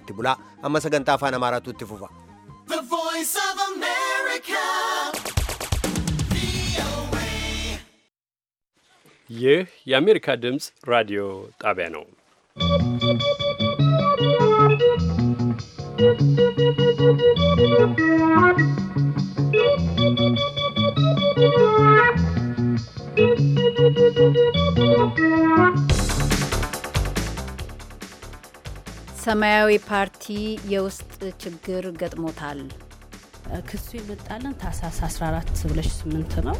itti bulaa amma sagantaa afaan amaaraatu itti fufa. ይህ የአሜሪካ ድምፅ ራዲዮ ጣቢያ ነው። Thank you. ሰማያዊ ፓርቲ የውስጥ ችግር ገጥሞታል። ክሱ ይመጣለን ታህሳስ 14 ብለሽ ስምንት ነው።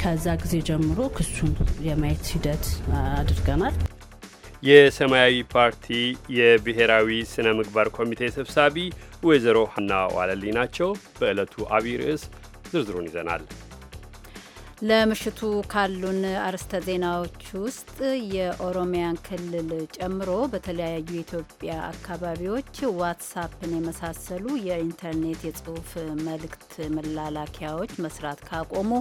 ከዛ ጊዜ ጀምሮ ክሱን የማየት ሂደት አድርገናል። የሰማያዊ ፓርቲ የብሔራዊ ስነ ምግባር ኮሚቴ ሰብሳቢ ወይዘሮ ሀና ዋለልኝ ናቸው። በዕለቱ አብይ ርዕስ ዝርዝሩን ይዘናል። ለምሽቱ ካሉን አርዕስተ ዜናዎች ውስጥ የኦሮሚያን ክልል ጨምሮ በተለያዩ የኢትዮጵያ አካባቢዎች ዋትሳፕን የመሳሰሉ የኢንተርኔት የጽሁፍ መልእክት መላላኪያዎች መስራት ካቆሙ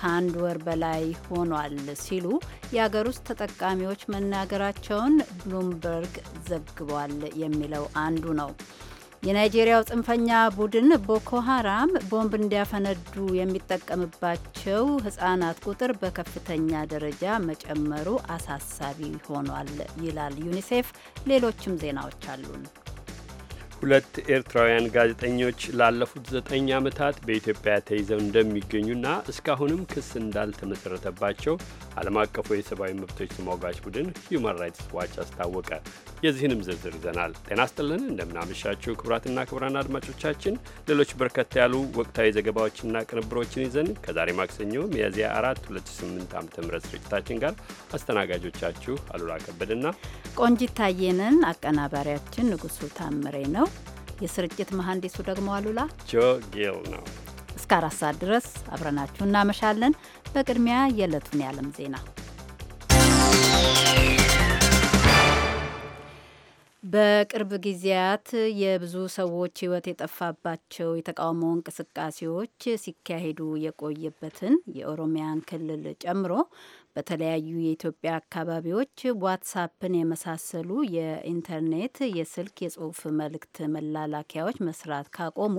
ከአንድ ወር በላይ ሆኗል ሲሉ የአገር ውስጥ ተጠቃሚዎች መናገራቸውን ብሉምበርግ ዘግቧል የሚለው አንዱ ነው። የናይጄሪያው ጽንፈኛ ቡድን ቦኮ ሀራም ቦምብ እንዲያፈነዱ የሚጠቀምባቸው ህጻናት ቁጥር በከፍተኛ ደረጃ መጨመሩ አሳሳቢ ሆኗል ይላል ዩኒሴፍ። ሌሎችም ዜናዎች አሉን። ሁለት ኤርትራውያን ጋዜጠኞች ላለፉት ዘጠኝ ዓመታት በኢትዮጵያ ተይዘው እንደሚገኙና እስካሁንም ክስ እንዳልተመሰረተባቸው ዓለም አቀፉ የሰብአዊ መብቶች ተሟጋች ቡድን ሂዩማን ራይትስ ዋች አስታወቀ። የዚህንም ዝርዝር ይዘናል። ጤና ስጥልን፣ እንደምናመሻችሁ ክቡራትና ክቡራን አድማጮቻችን ሌሎች በርከት ያሉ ወቅታዊ ዘገባዎችና ቅንብሮችን ይዘን ከዛሬ ማክሰኞ ሚያዝያ አራት 2008 ዓ ም ስርጭታችን ጋር አስተናጋጆቻችሁ አሉላ ከበድና ቆንጂት ታየንን፣ አቀናባሪያችን ንጉሱ ታምሬ ነው። የስርጭት መሐንዲሱ ደግሞ አሉላ ጆ ጌል ነው። እስከ አራት ሰዓት ድረስ አብረናችሁ እናመሻለን። በቅድሚያ የዕለቱን የዓለም ዜና በቅርብ ጊዜያት የብዙ ሰዎች ሕይወት የጠፋባቸው የተቃውሞ እንቅስቃሴዎች ሲካሄዱ የቆየበትን የኦሮሚያን ክልል ጨምሮ በተለያዩ የኢትዮጵያ አካባቢዎች ዋትሳፕን የመሳሰሉ የኢንተርኔት የስልክ የጽሁፍ መልእክት መላላኪያዎች መስራት ካቆሙ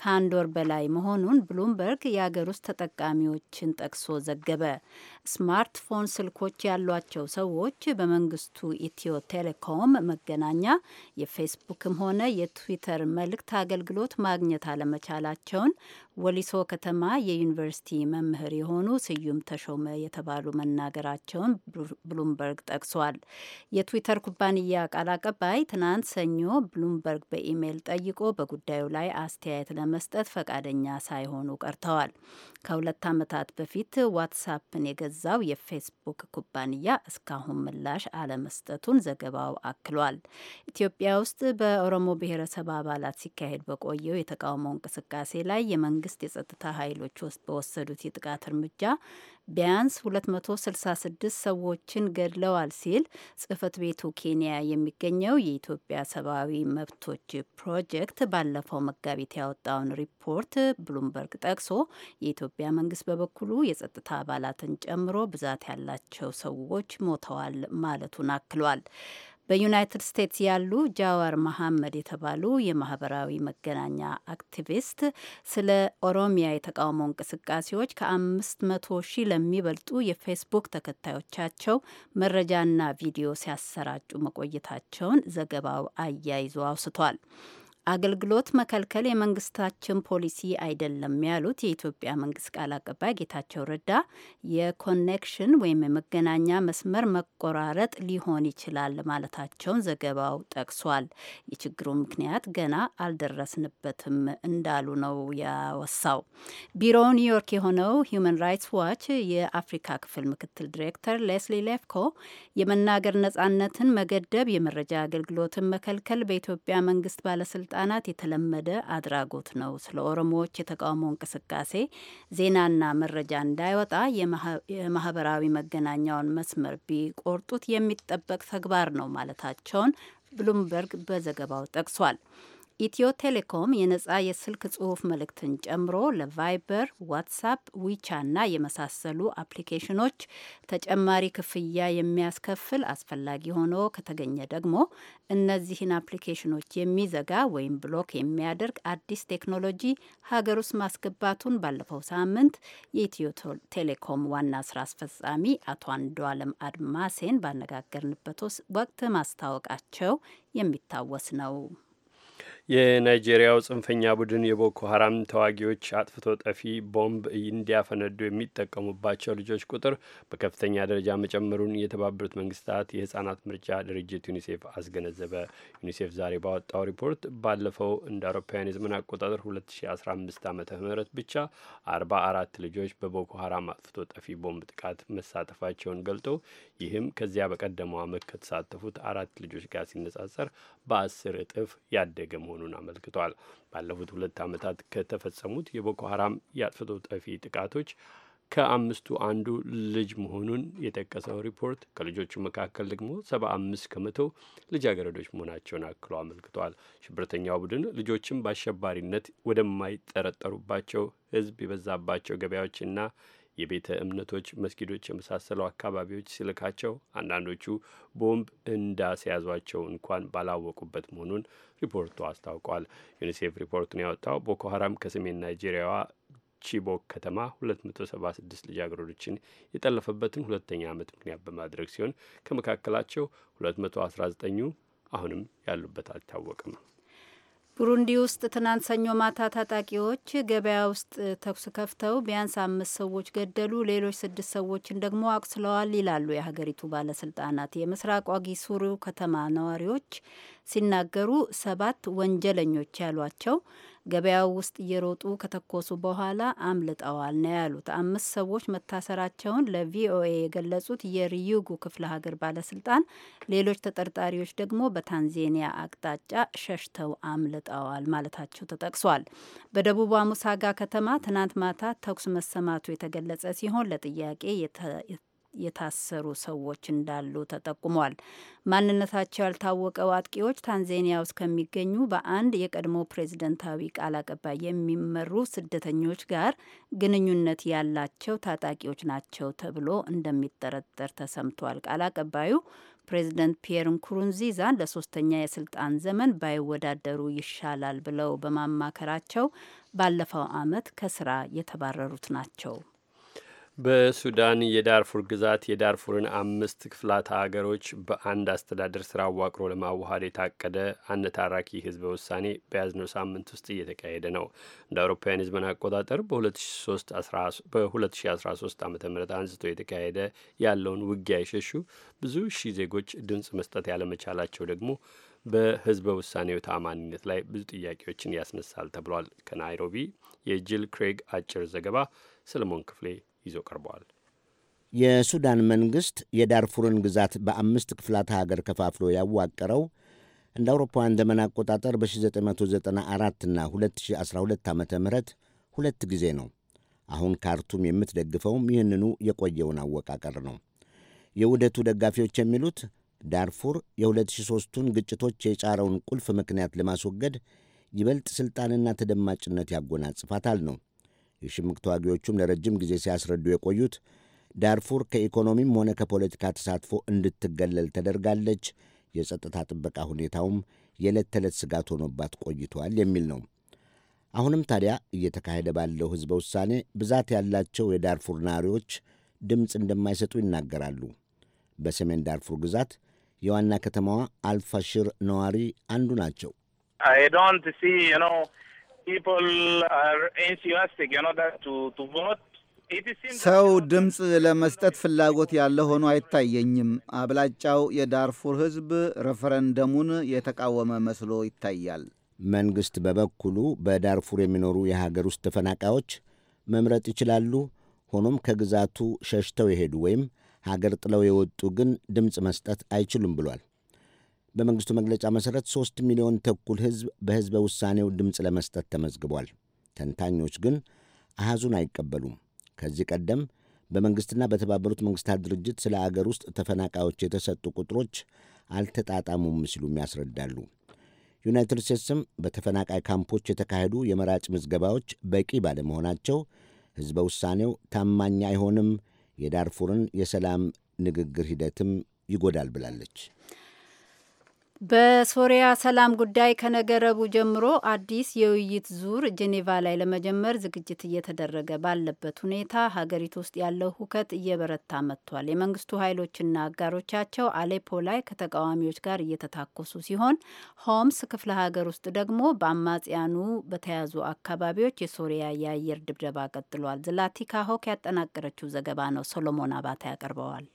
ከአንድ ወር በላይ መሆኑን ብሉምበርግ የአገር ውስጥ ተጠቃሚዎችን ጠቅሶ ዘገበ። ስማርትፎን ስልኮች ያሏቸው ሰዎች በመንግስቱ ኢትዮ ቴሌኮም መገናኛ የፌስቡክም ሆነ የትዊተር መልእክት አገልግሎት ማግኘት አለመቻላቸውን ወሊሶ ከተማ የዩኒቨርሲቲ መምህር የሆኑ ስዩም ተሾመ የተባሉ መናገራቸውን ብሉምበርግ ጠቅሷል። የትዊተር ኩባንያ ቃል አቀባይ ትናንት ሰኞ ብሉምበርግ በኢሜይል ጠይቆ በጉዳዩ ላይ አስተያየት ለመስጠት ፈቃደኛ ሳይሆኑ ቀርተዋል። ከሁለት ዓመታት በፊት ዋትሳፕን የገዛ ለገዛው የፌስቡክ ኩባንያ እስካሁን ምላሽ አለመስጠቱን ዘገባው አክሏል። ኢትዮጵያ ውስጥ በኦሮሞ ብሔረሰብ አባላት ሲካሄድ በቆየው የተቃውሞ እንቅስቃሴ ላይ የመንግስት የጸጥታ ኃይሎች በወሰዱት የጥቃት እርምጃ ቢያንስ 266 ሰዎችን ገድለዋል ሲል ጽህፈት ቤቱ ኬንያ የሚገኘው የኢትዮጵያ ሰብአዊ መብቶች ፕሮጀክት ባለፈው መጋቢት ያወጣውን ሪፖርት ብሉምበርግ ጠቅሶ የኢትዮጵያ መንግስት በበኩሉ የጸጥታ አባላትን ጨምሮ ብዛት ያላቸው ሰዎች ሞተዋል ማለቱን አክሏል። በዩናይትድ ስቴትስ ያሉ ጃዋር መሐመድ የተባሉ የማህበራዊ መገናኛ አክቲቪስት ስለ ኦሮሚያ የተቃውሞ እንቅስቃሴዎች ከአምስት መቶ ሺህ ለሚበልጡ የፌስቡክ ተከታዮቻቸው መረጃና ቪዲዮ ሲያሰራጩ መቆየታቸውን ዘገባው አያይዞ አውስቷል። አገልግሎት መከልከል የመንግስታችን ፖሊሲ አይደለም ያሉት የኢትዮጵያ መንግስት ቃል አቀባይ ጌታቸው ረዳ የኮኔክሽን ወይም የመገናኛ መስመር መቆራረጥ ሊሆን ይችላል ማለታቸውን ዘገባው ጠቅሷል። የችግሩ ምክንያት ገና አልደረስንበትም እንዳሉ ነው ያወሳው። ቢሮው ኒውዮርክ የሆነው ሂዩማን ራይትስ ዋች የአፍሪካ ክፍል ምክትል ዲሬክተር ሌስሊ ሌፍኮ የመናገር ነጻነትን መገደብ፣ የመረጃ አገልግሎትን መከልከል በኢትዮጵያ መንግስት ባለስልጣ ባለስልጣናት የተለመደ አድራጎት ነው። ስለ ኦሮሞዎች የተቃውሞ እንቅስቃሴ ዜናና መረጃ እንዳይወጣ የማህበራዊ መገናኛውን መስመር ቢቆርጡት የሚጠበቅ ተግባር ነው ማለታቸውን ብሉምበርግ በዘገባው ጠቅሷል። ኢትዮ ቴሌኮም የነጻ የስልክ ጽሁፍ መልእክትን ጨምሮ ለቫይበር፣ ዋትሳፕ፣ ዊቻና የመሳሰሉ አፕሊኬሽኖች ተጨማሪ ክፍያ የሚያስከፍል አስፈላጊ ሆኖ ከተገኘ ደግሞ እነዚህን አፕሊኬሽኖች የሚዘጋ ወይም ብሎክ የሚያደርግ አዲስ ቴክኖሎጂ ሀገር ውስጥ ማስገባቱን ባለፈው ሳምንት የኢትዮ ቴሌኮም ዋና ስራ አስፈጻሚ አቶ አንዱዓለም አድማሴን ባነጋገርንበት ወቅት ማስታወቃቸው የሚታወስ ነው። የናይጄሪያው ጽንፈኛ ቡድን የቦኮ ሀራም ተዋጊዎች አጥፍቶ ጠፊ ቦምብ እንዲያፈነዱ የሚጠቀሙባቸው ልጆች ቁጥር በከፍተኛ ደረጃ መጨመሩን የተባበሩት መንግስታት የህጻናት ምርጫ ድርጅት ዩኒሴፍ አስገነዘበ። ዩኒሴፍ ዛሬ ባወጣው ሪፖርት ባለፈው እንደ አውሮፓውያን የዘመን አቆጣጠር 2015 ዓ ም ብቻ 44 ልጆች በቦኮ ሀራም አጥፍቶ ጠፊ ቦምብ ጥቃት መሳተፋቸውን ገልጦ ይህም ከዚያ በቀደመው ዓመት ከተሳተፉት አራት ልጆች ጋር ሲነጻጸር በአስር እጥፍ ያደገ መሆኑ መሆኑን አመልክቷል። ባለፉት ሁለት ዓመታት ከተፈጸሙት የቦኮ ሀራም የአጥፍቶ ጠፊ ጥቃቶች ከአምስቱ አንዱ ልጅ መሆኑን የጠቀሰው ሪፖርት ከልጆቹ መካከል ደግሞ ሰባ አምስት ከመቶ ልጃገረዶች መሆናቸውን አክሎ አመልክቷል። ሽብርተኛው ቡድን ልጆችን በአሸባሪነት ወደማይጠረጠሩባቸው ህዝብ የበዛባቸው ገበያዎችና የቤተ እምነቶች፣ መስጊዶች የመሳሰሉ አካባቢዎች ሲልካቸው አንዳንዶቹ ቦምብ እንዳስያዟቸው እንኳን ባላወቁበት መሆኑን ሪፖርቱ አስታውቋል። ዩኒሴፍ ሪፖርቱን ያወጣው ቦኮ ሀራም ከሰሜን ናይጄሪያዋ ቺቦክ ከተማ 276 ልጃገረዶችን የጠለፈበትን ሁለተኛ ዓመት ምክንያት በማድረግ ሲሆን ከመካከላቸው 219ኙ አሁንም ያሉበት አልታወቅም። ቡሩንዲ ውስጥ ትናንት ሰኞ ማታ ታጣቂዎች ገበያ ውስጥ ተኩስ ከፍተው ቢያንስ አምስት ሰዎች ገደሉ፣ ሌሎች ስድስት ሰዎችን ደግሞ አቁስለዋል ይላሉ የሀገሪቱ ባለስልጣናት። የምስራቅ ዋጊሱሩ ከተማ ነዋሪዎች ሲናገሩ ሰባት ወንጀለኞች ያሏቸው ገበያው ውስጥ እየሮጡ ከተኮሱ በኋላ አምልጠዋል ነው ያሉት። አምስት ሰዎች መታሰራቸውን ለቪኦኤ የገለጹት የሪዩጉ ክፍለ ሀገር ባለስልጣን፣ ሌሎች ተጠርጣሪዎች ደግሞ በታንዜኒያ አቅጣጫ ሸሽተው አምልጠዋል ማለታቸው ተጠቅሷል። በደቡቧ ሙሳጋ ከተማ ትናንት ማታ ተኩስ መሰማቱ የተገለጸ ሲሆን ለጥያቄ የታሰሩ ሰዎች እንዳሉ ተጠቁሟል። ማንነታቸው ያልታወቀው አጥቂዎች ታንዛኒያ ውስጥ ከሚገኙ በአንድ የቀድሞ ፕሬዝደንታዊ ቃል አቀባይ የሚመሩ ስደተኞች ጋር ግንኙነት ያላቸው ታጣቂዎች ናቸው ተብሎ እንደሚጠረጠር ተሰምቷል። ቃል አቀባዩ ፕሬዚደንት ፒየር ንኩሩንዚዛ ለሶስተኛ የስልጣን ዘመን ባይወዳደሩ ይሻላል ብለው በማማከራቸው ባለፈው ዓመት ከስራ የተባረሩት ናቸው። በሱዳን የዳርፉር ግዛት የዳርፉርን አምስት ክፍላት አገሮች በአንድ አስተዳደር ስራ አዋቅሮ ለማዋሃድ የታቀደ አንድ ታራኪ ህዝበ ውሳኔ በያዝነው ሳምንት ውስጥ እየተካሄደ ነው። እንደ አውሮፓውያን ህዝብን አቆጣጠር በ2013 ዓ ም አንስቶ የተካሄደ ያለውን ውጊያ የሸሹ ብዙ ሺህ ዜጎች ድምፅ መስጠት ያለመቻላቸው ደግሞ በህዝበ ውሳኔው ታማኒነት ላይ ብዙ ጥያቄዎችን ያስነሳል ተብሏል። ከናይሮቢ የጂል ክሬግ አጭር ዘገባ ሰለሞን ክፍሌ ይዞ ቀርበዋል። የሱዳን መንግሥት የዳርፉርን ግዛት በአምስት ክፍላት ሀገር ከፋፍሎ ያዋቀረው እንደ አውሮፓውያን ዘመን አቆጣጠር በ1994 ና 2012 ዓ ም ሁለት ጊዜ ነው። አሁን ካርቱም የምትደግፈውም ይህንኑ የቆየውን አወቃቀር ነው። የውህደቱ ደጋፊዎች የሚሉት ዳርፉር የ2003ቱን ግጭቶች የጫረውን ቁልፍ ምክንያት ለማስወገድ ይበልጥ ሥልጣንና ተደማጭነት ያጎናጽፋታል ነው። የሽምቅ ተዋጊዎቹም ለረጅም ጊዜ ሲያስረዱ የቆዩት ዳርፉር ከኢኮኖሚም ሆነ ከፖለቲካ ተሳትፎ እንድትገለል ተደርጋለች፣ የጸጥታ ጥበቃ ሁኔታውም የዕለት ተዕለት ስጋት ሆኖባት ቆይቷል የሚል ነው። አሁንም ታዲያ እየተካሄደ ባለው ሕዝበ ውሳኔ ብዛት ያላቸው የዳርፉር ነዋሪዎች ድምፅ እንደማይሰጡ ይናገራሉ። በሰሜን ዳርፉር ግዛት የዋና ከተማዋ አልፋሽር ነዋሪ አንዱ ናቸው። ሰው ድምፅ ለመስጠት ፍላጎት ያለ ሆኖ አይታየኝም። አብላጫው የዳርፉር ሕዝብ ሬፈረንደሙን የተቃወመ መስሎ ይታያል። መንግሥት በበኩሉ በዳርፉር የሚኖሩ የሀገር ውስጥ ተፈናቃዮች መምረጥ ይችላሉ። ሆኖም ከግዛቱ ሸሽተው የሄዱ ወይም ሀገር ጥለው የወጡ ግን ድምፅ መስጠት አይችሉም ብሏል። በመንግስቱ መግለጫ መሠረት ሦስት ሚሊዮን ተኩል ሕዝብ በሕዝበ ውሳኔው ድምፅ ለመስጠት ተመዝግቧል። ተንታኞች ግን አሃዙን አይቀበሉም። ከዚህ ቀደም በመንግሥትና በተባበሩት መንግሥታት ድርጅት ስለ አገር ውስጥ ተፈናቃዮች የተሰጡ ቁጥሮች አልተጣጣሙም ሲሉም ያስረዳሉ። ዩናይትድ ስቴትስም በተፈናቃይ ካምፖች የተካሄዱ የመራጭ ምዝገባዎች በቂ ባለመሆናቸው ሕዝበ ውሳኔው ታማኝ አይሆንም፣ የዳርፉርን የሰላም ንግግር ሂደትም ይጎዳል ብላለች። በሶሪያ ሰላም ጉዳይ ከነገረቡ ጀምሮ አዲስ የውይይት ዙር ጄኔቫ ላይ ለመጀመር ዝግጅት እየተደረገ ባለበት ሁኔታ ሀገሪቱ ውስጥ ያለው ሁከት እየበረታ መጥቷል። የመንግስቱ ኃይሎችና አጋሮቻቸው አሌፖ ላይ ከተቃዋሚዎች ጋር እየተታኮሱ ሲሆን፣ ሆምስ ክፍለ ሀገር ውስጥ ደግሞ በአማጽያኑ በተያዙ አካባቢዎች የሶሪያ የአየር ድብደባ ቀጥሏል። ዝላቲካ ሆክ ያጠናቀረችው ዘገባ ነው። ሶሎሞን አባተ ያቀርበዋል።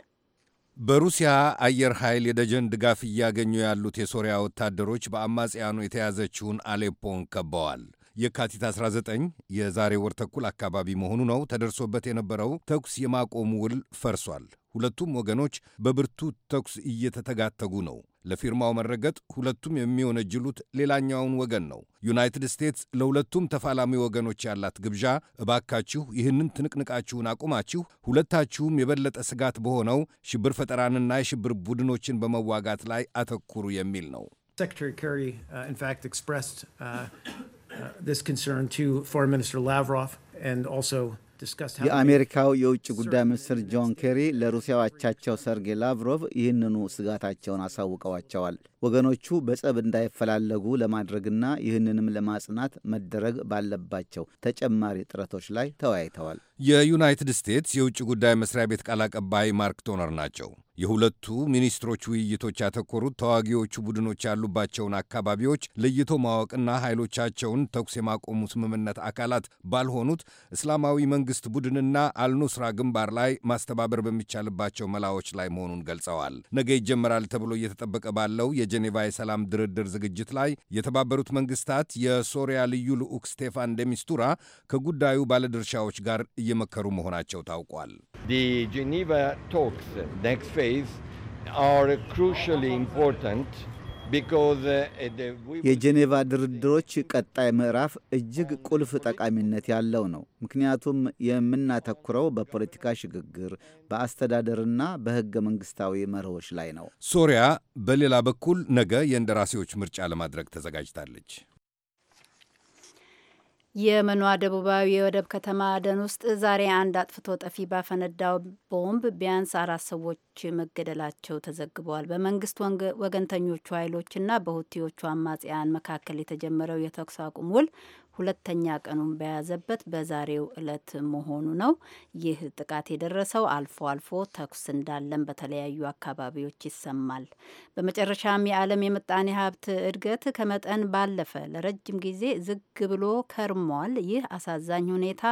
በሩሲያ አየር ኃይል የደጀን ድጋፍ እያገኙ ያሉት የሶሪያ ወታደሮች በአማጽያኑ የተያዘችውን አሌፖን ከበዋል። የካቲት 19 የዛሬ ወር ተኩል አካባቢ መሆኑ ነው። ተደርሶበት የነበረው ተኩስ የማቆም ውል ፈርሷል። ሁለቱም ወገኖች በብርቱ ተኩስ እየተተጋተጉ ነው። ለፊርማው መረገጥ ሁለቱም የሚወነጅሉት ሌላኛውን ወገን ነው። ዩናይትድ ስቴትስ ለሁለቱም ተፋላሚ ወገኖች ያላት ግብዣ እባካችሁ ይህንን ትንቅንቃችሁን አቁማችሁ ሁለታችሁም የበለጠ ስጋት በሆነው ሽብር ፈጠራንና የሽብር ቡድኖችን በመዋጋት ላይ አተኩሩ የሚል ነው። Secretary Kerry, uh, in የአሜሪካው የውጭ ጉዳይ ሚኒስትር ጆን ኬሪ ለሩሲያው አቻቸው ሰርጌይ ላቭሮቭ ይህንኑ ስጋታቸውን አሳውቀዋቸዋል። ወገኖቹ በጸብ እንዳይፈላለጉ ለማድረግና ይህንንም ለማጽናት መደረግ ባለባቸው ተጨማሪ ጥረቶች ላይ ተወያይተዋል። የዩናይትድ ስቴትስ የውጭ ጉዳይ መስሪያ ቤት ቃል አቀባይ ማርክ ቶነር ናቸው። የሁለቱ ሚኒስትሮች ውይይቶች ያተኮሩት ተዋጊዎቹ ቡድኖች ያሉባቸውን አካባቢዎች ለይቶ ማወቅና ኃይሎቻቸውን ተኩስ የማቆሙ ስምምነት አካላት ባልሆኑት እስላማዊ መንግስት ቡድንና አልኑስራ ግንባር ላይ ማስተባበር በሚቻልባቸው መላዎች ላይ መሆኑን ገልጸዋል። ነገ ይጀመራል ተብሎ እየተጠበቀ ባለው የጄኔቫ የሰላም ድርድር ዝግጅት ላይ የተባበሩት መንግስታት የሶሪያ ልዩ ልዑክ ስቴፋን ደሚስቱራ ከጉዳዩ ባለድርሻዎች ጋር እየመከሩ መሆናቸው ታውቋል። uh, የጄኔቫ ድርድሮች ቀጣይ ምዕራፍ እጅግ ቁልፍ ጠቃሚነት ያለው ነው። ምክንያቱም የምናተኩረው በፖለቲካ ሽግግር፣ በአስተዳደርና በሕገ መንግሥታዊ መርሆች ላይ ነው። ሶሪያ በሌላ በኩል ነገ የእንደራሴዎች ምርጫ ለማድረግ ተዘጋጅታለች። የመኗ ደቡባዊ የወደብ ከተማ አደን ውስጥ ዛሬ አንድ አጥፍቶ ጠፊ ባፈነዳው ቦምብ ቢያንስ አራት ሰዎች መገደላቸው ተዘግበዋል። በመንግስት ወገንተኞቹ ኃይሎችና በሁቲዎቹ አማጽያን መካከል የተጀመረው የተኩስ አቁም ውል ሁለተኛ ቀኑን በያዘበት በዛሬው እለት መሆኑ ነው። ይህ ጥቃት የደረሰው አልፎ አልፎ ተኩስ እንዳለን በተለያዩ አካባቢዎች ይሰማል። በመጨረሻም የዓለም የምጣኔ ሀብት እድገት ከመጠን ባለፈ ለረጅም ጊዜ ዝግ ብሎ ከርሟል። ይህ አሳዛኝ ሁኔታ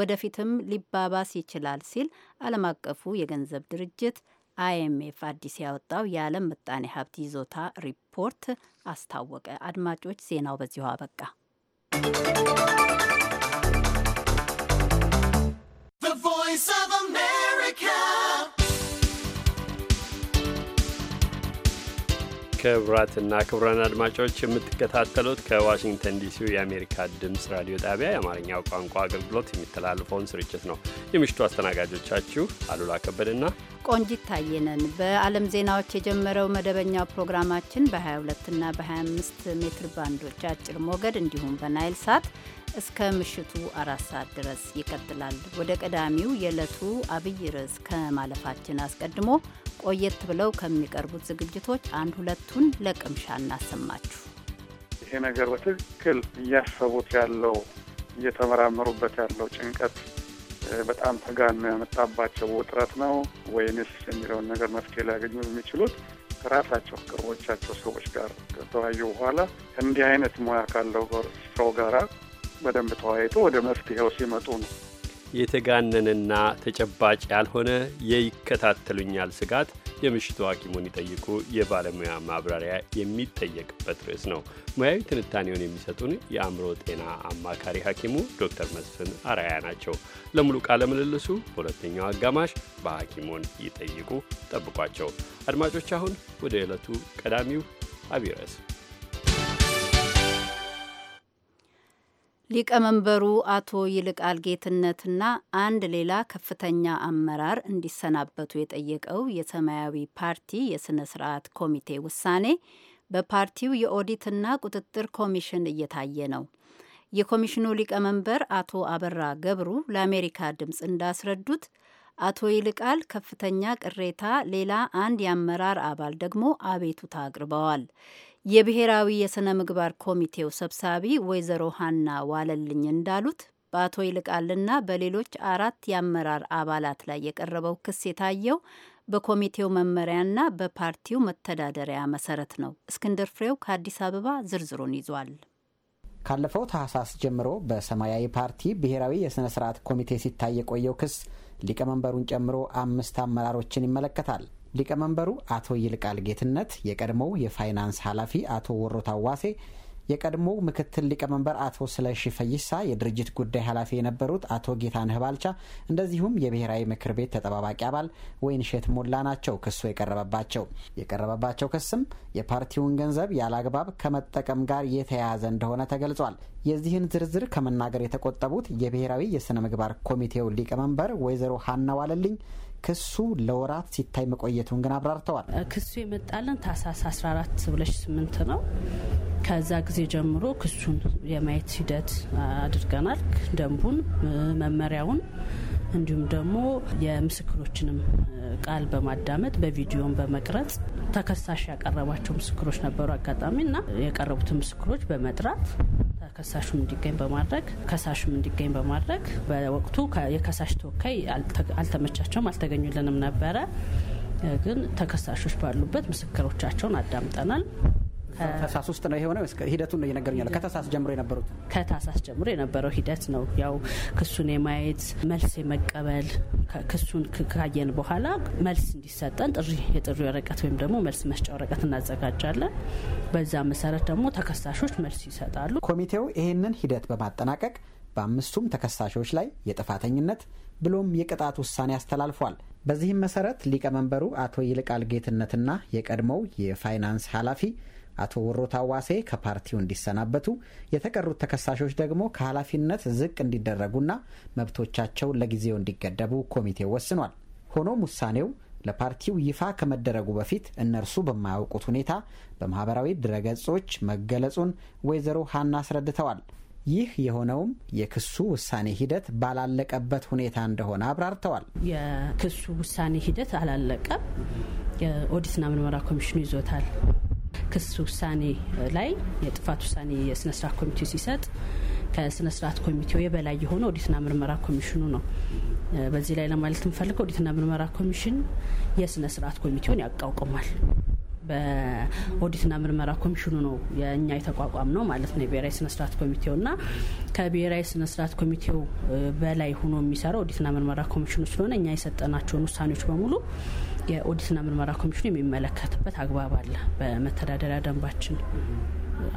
ወደፊትም ሊባባስ ይችላል ሲል ዓለም አቀፉ የገንዘብ ድርጅት አይኤምኤፍ አዲስ ያወጣው የዓለም ምጣኔ ሀብት ይዞታ ሪፖርት አስታወቀ። አድማጮች ዜናው በዚሁ አበቃ። ክቡራትና ክቡራን አድማጮች የምትከታተሉት ከዋሽንግተን ዲሲው የአሜሪካ ድምፅ ራዲዮ ጣቢያ የአማርኛው ቋንቋ አገልግሎት የሚተላለፈውን ስርጭት ነው። የምሽቱ አስተናጋጆቻችሁ አሉላ ከበደና ቆንጂት ታየነን። በዓለም ዜናዎች የጀመረው መደበኛው ፕሮግራማችን በ22 እና በ25 ሜትር ባንዶች አጭር ሞገድ እንዲሁም በናይል ሳት እስከ ምሽቱ አራት ሰዓት ድረስ ይቀጥላል። ወደ ቀዳሚው የዕለቱ አብይ ርዕስ ከማለፋችን አስቀድሞ ቆየት ብለው ከሚቀርቡት ዝግጅቶች አንድ ሁለቱን ለቅምሻ እናሰማችሁ። ይሄ ነገር በትክክል እያሰቡት ያለው እየተመራመሩበት ያለው ጭንቀት በጣም ተጋን ያመጣባቸው ውጥረት ነው ወይንስ የሚለውን ነገር መፍትሄ ሊያገኙ የሚችሉት ከራሳቸው ቅርቦቻቸው ሰዎች ጋር ከተወያዩ በኋላ እንዲህ አይነት ሙያ ካለው ሰው ጋራ በደንብ ተወያይቶ ወደ መፍትሄው ሲመጡ ነው። የተጋነንና ተጨባጭ ያልሆነ የይከታተሉኛል ስጋት የምሽቱ ሐኪሙን ይጠይቁ የባለሙያ ማብራሪያ የሚጠየቅበት ርዕስ ነው። ሙያዊ ትንታኔውን የሚሰጡን የአእምሮ ጤና አማካሪ ሐኪሙ ዶክተር መስፍን አራያ ናቸው። ለሙሉ ቃለ ምልልሱ በሁለተኛው አጋማሽ በሐኪሙን ይጠይቁ ጠብቋቸው። አድማጮች፣ አሁን ወደ ዕለቱ ቀዳሚው አብይ ርዕስ ሊቀመንበሩ አቶ ይልቃል ጌትነትና አንድ ሌላ ከፍተኛ አመራር እንዲሰናበቱ የጠየቀው የሰማያዊ ፓርቲ የስነ ሥርዓት ኮሚቴ ውሳኔ በፓርቲው የኦዲትና ቁጥጥር ኮሚሽን እየታየ ነው። የኮሚሽኑ ሊቀመንበር አቶ አበራ ገብሩ ለአሜሪካ ድምፅ እንዳስረዱት አቶ ይልቃል ከፍተኛ ቅሬታ፣ ሌላ አንድ የአመራር አባል ደግሞ አቤቱታ አቅርበዋል። የብሔራዊ የሥነ ምግባር ኮሚቴው ሰብሳቢ ወይዘሮ ሀና ዋለልኝ እንዳሉት በአቶ ይልቃልና በሌሎች አራት የአመራር አባላት ላይ የቀረበው ክስ የታየው በኮሚቴው መመሪያና በፓርቲው መተዳደሪያ መሰረት ነው። እስክንድር ፍሬው ከአዲስ አበባ ዝርዝሩን ይዟል። ካለፈው ታህሳስ ጀምሮ በሰማያዊ ፓርቲ ብሔራዊ የሥነ ስርዓት ኮሚቴ ሲታይ የቆየው ክስ ሊቀመንበሩን ጨምሮ አምስት አመራሮችን ይመለከታል። ሊቀመንበሩ አቶ ይልቃል ጌትነት፣ የቀድሞው የፋይናንስ ኃላፊ አቶ ወሮታ ዋሴ፣ የቀድሞው ምክትል ሊቀመንበር አቶ ስለሺ ፈይሳ፣ የድርጅት ጉዳይ ኃላፊ የነበሩት አቶ ጌታነህ ባልቻ እንደዚሁም የብሔራዊ ምክር ቤት ተጠባባቂ አባል ወይንሸት ሞላ ናቸው ክሱ የቀረበባቸው። የቀረበባቸው ክስም የፓርቲውን ገንዘብ ያለ ከመጠቀም ጋር የተያያዘ እንደሆነ ተገልጿል። የዚህን ዝርዝር ከመናገር የተቆጠቡት የብሔራዊ የሥነ ምግባር ኮሚቴው ሊቀመንበር ወይዘሮ ሀና ዋለልኝ ክሱ ለወራት ሲታይ መቆየቱን ግን አብራርተዋል። ክሱ የመጣልን ታህሳስ 14 2008 ነው። ከዛ ጊዜ ጀምሮ ክሱን የማየት ሂደት አድርገናል። ደንቡን መመሪያውን እንዲሁም ደግሞ የምስክሮችንም ቃል በማዳመጥ በቪዲዮን በመቅረጽ ተከሳሽ ያቀረባቸው ምስክሮች ነበሩ አጋጣሚ እና የቀረቡትን ምስክሮች በመጥራት ከሳሹም እንዲገኝ በማድረግ ከሳሹም እንዲገኝ በማድረግ በወቅቱ የከሳሽ ተወካይ አልተመቻቸውም፣ አልተገኙልንም ነበረ። ግን ተከሳሾች ባሉበት ምስክሮቻቸውን አዳምጠናል። ተሳስ ውስጥ ነው የሆነው። ሂደቱን ነው ያለ ከታሳስ ጀምሮ የነበሩት ከታሳስ ጀምሮ የነበረው ሂደት ነው። ያው ክሱን የማየት መልስ የመቀበል ክሱን ካየን በኋላ መልስ እንዲሰጠን ጥሪ የጥሪ ወረቀት ወይም ደግሞ መልስ መስጫ ወረቀት እናዘጋጃለን። በዛ መሰረት ደግሞ ተከሳሾች መልስ ይሰጣሉ። ኮሚቴው ይህንን ሂደት በማጠናቀቅ በአምስቱም ተከሳሾች ላይ የጥፋተኝነት ብሎም የቅጣት ውሳኔ አስተላልፏል። በዚህም መሰረት ሊቀመንበሩ አቶ ይልቃል ጌትነትና የቀድሞው የፋይናንስ ኃላፊ አቶ ወሮታ ዋሴ ከፓርቲው እንዲሰናበቱ የተቀሩት ተከሳሾች ደግሞ ከኃላፊነት ዝቅ እንዲደረጉና መብቶቻቸው ለጊዜው እንዲገደቡ ኮሚቴው ወስኗል። ሆኖም ውሳኔው ለፓርቲው ይፋ ከመደረጉ በፊት እነርሱ በማያውቁት ሁኔታ በማህበራዊ ድረገጾች መገለጹን ወይዘሮ ሀና አስረድተዋል። ይህ የሆነውም የክሱ ውሳኔ ሂደት ባላለቀበት ሁኔታ እንደሆነ አብራርተዋል። የክሱ ውሳኔ ሂደት አላለቀም። የኦዲትና ምርመራ ኮሚሽኑ ይዞታል። ክስ ውሳኔ ላይ የጥፋት ውሳኔ የስነስርዓት ኮሚቴ ኮሚቴው ሲሰጥ ከስነስርዓት ኮሚቴው የበላይ የሆነ ኦዲትና ምርመራ ኮሚሽኑ ነው። በዚህ ላይ ለማለት የምፈልገው ኦዲትና ምርመራ ኮሚሽን የስነስርዓት ኮሚቴውን ያቋቁማል። በኦዲትና ምርመራ ኮሚሽኑ ነው የእኛ የተቋቋም ነው ማለት ነው የብሔራዊ ስነስርዓት ኮሚቴው እና ከብሔራዊ ስነስርዓት ኮሚቴው በላይ ሆኖ የሚሰራው ኦዲትና ምርመራ ኮሚሽኑ ስለሆነ እኛ የሰጠናቸውን ውሳኔዎች በሙሉ የኦዲትና ምርመራ ኮሚሽኑ የሚመለከትበት አግባብ አለ በመተዳደሪያ ደንባችን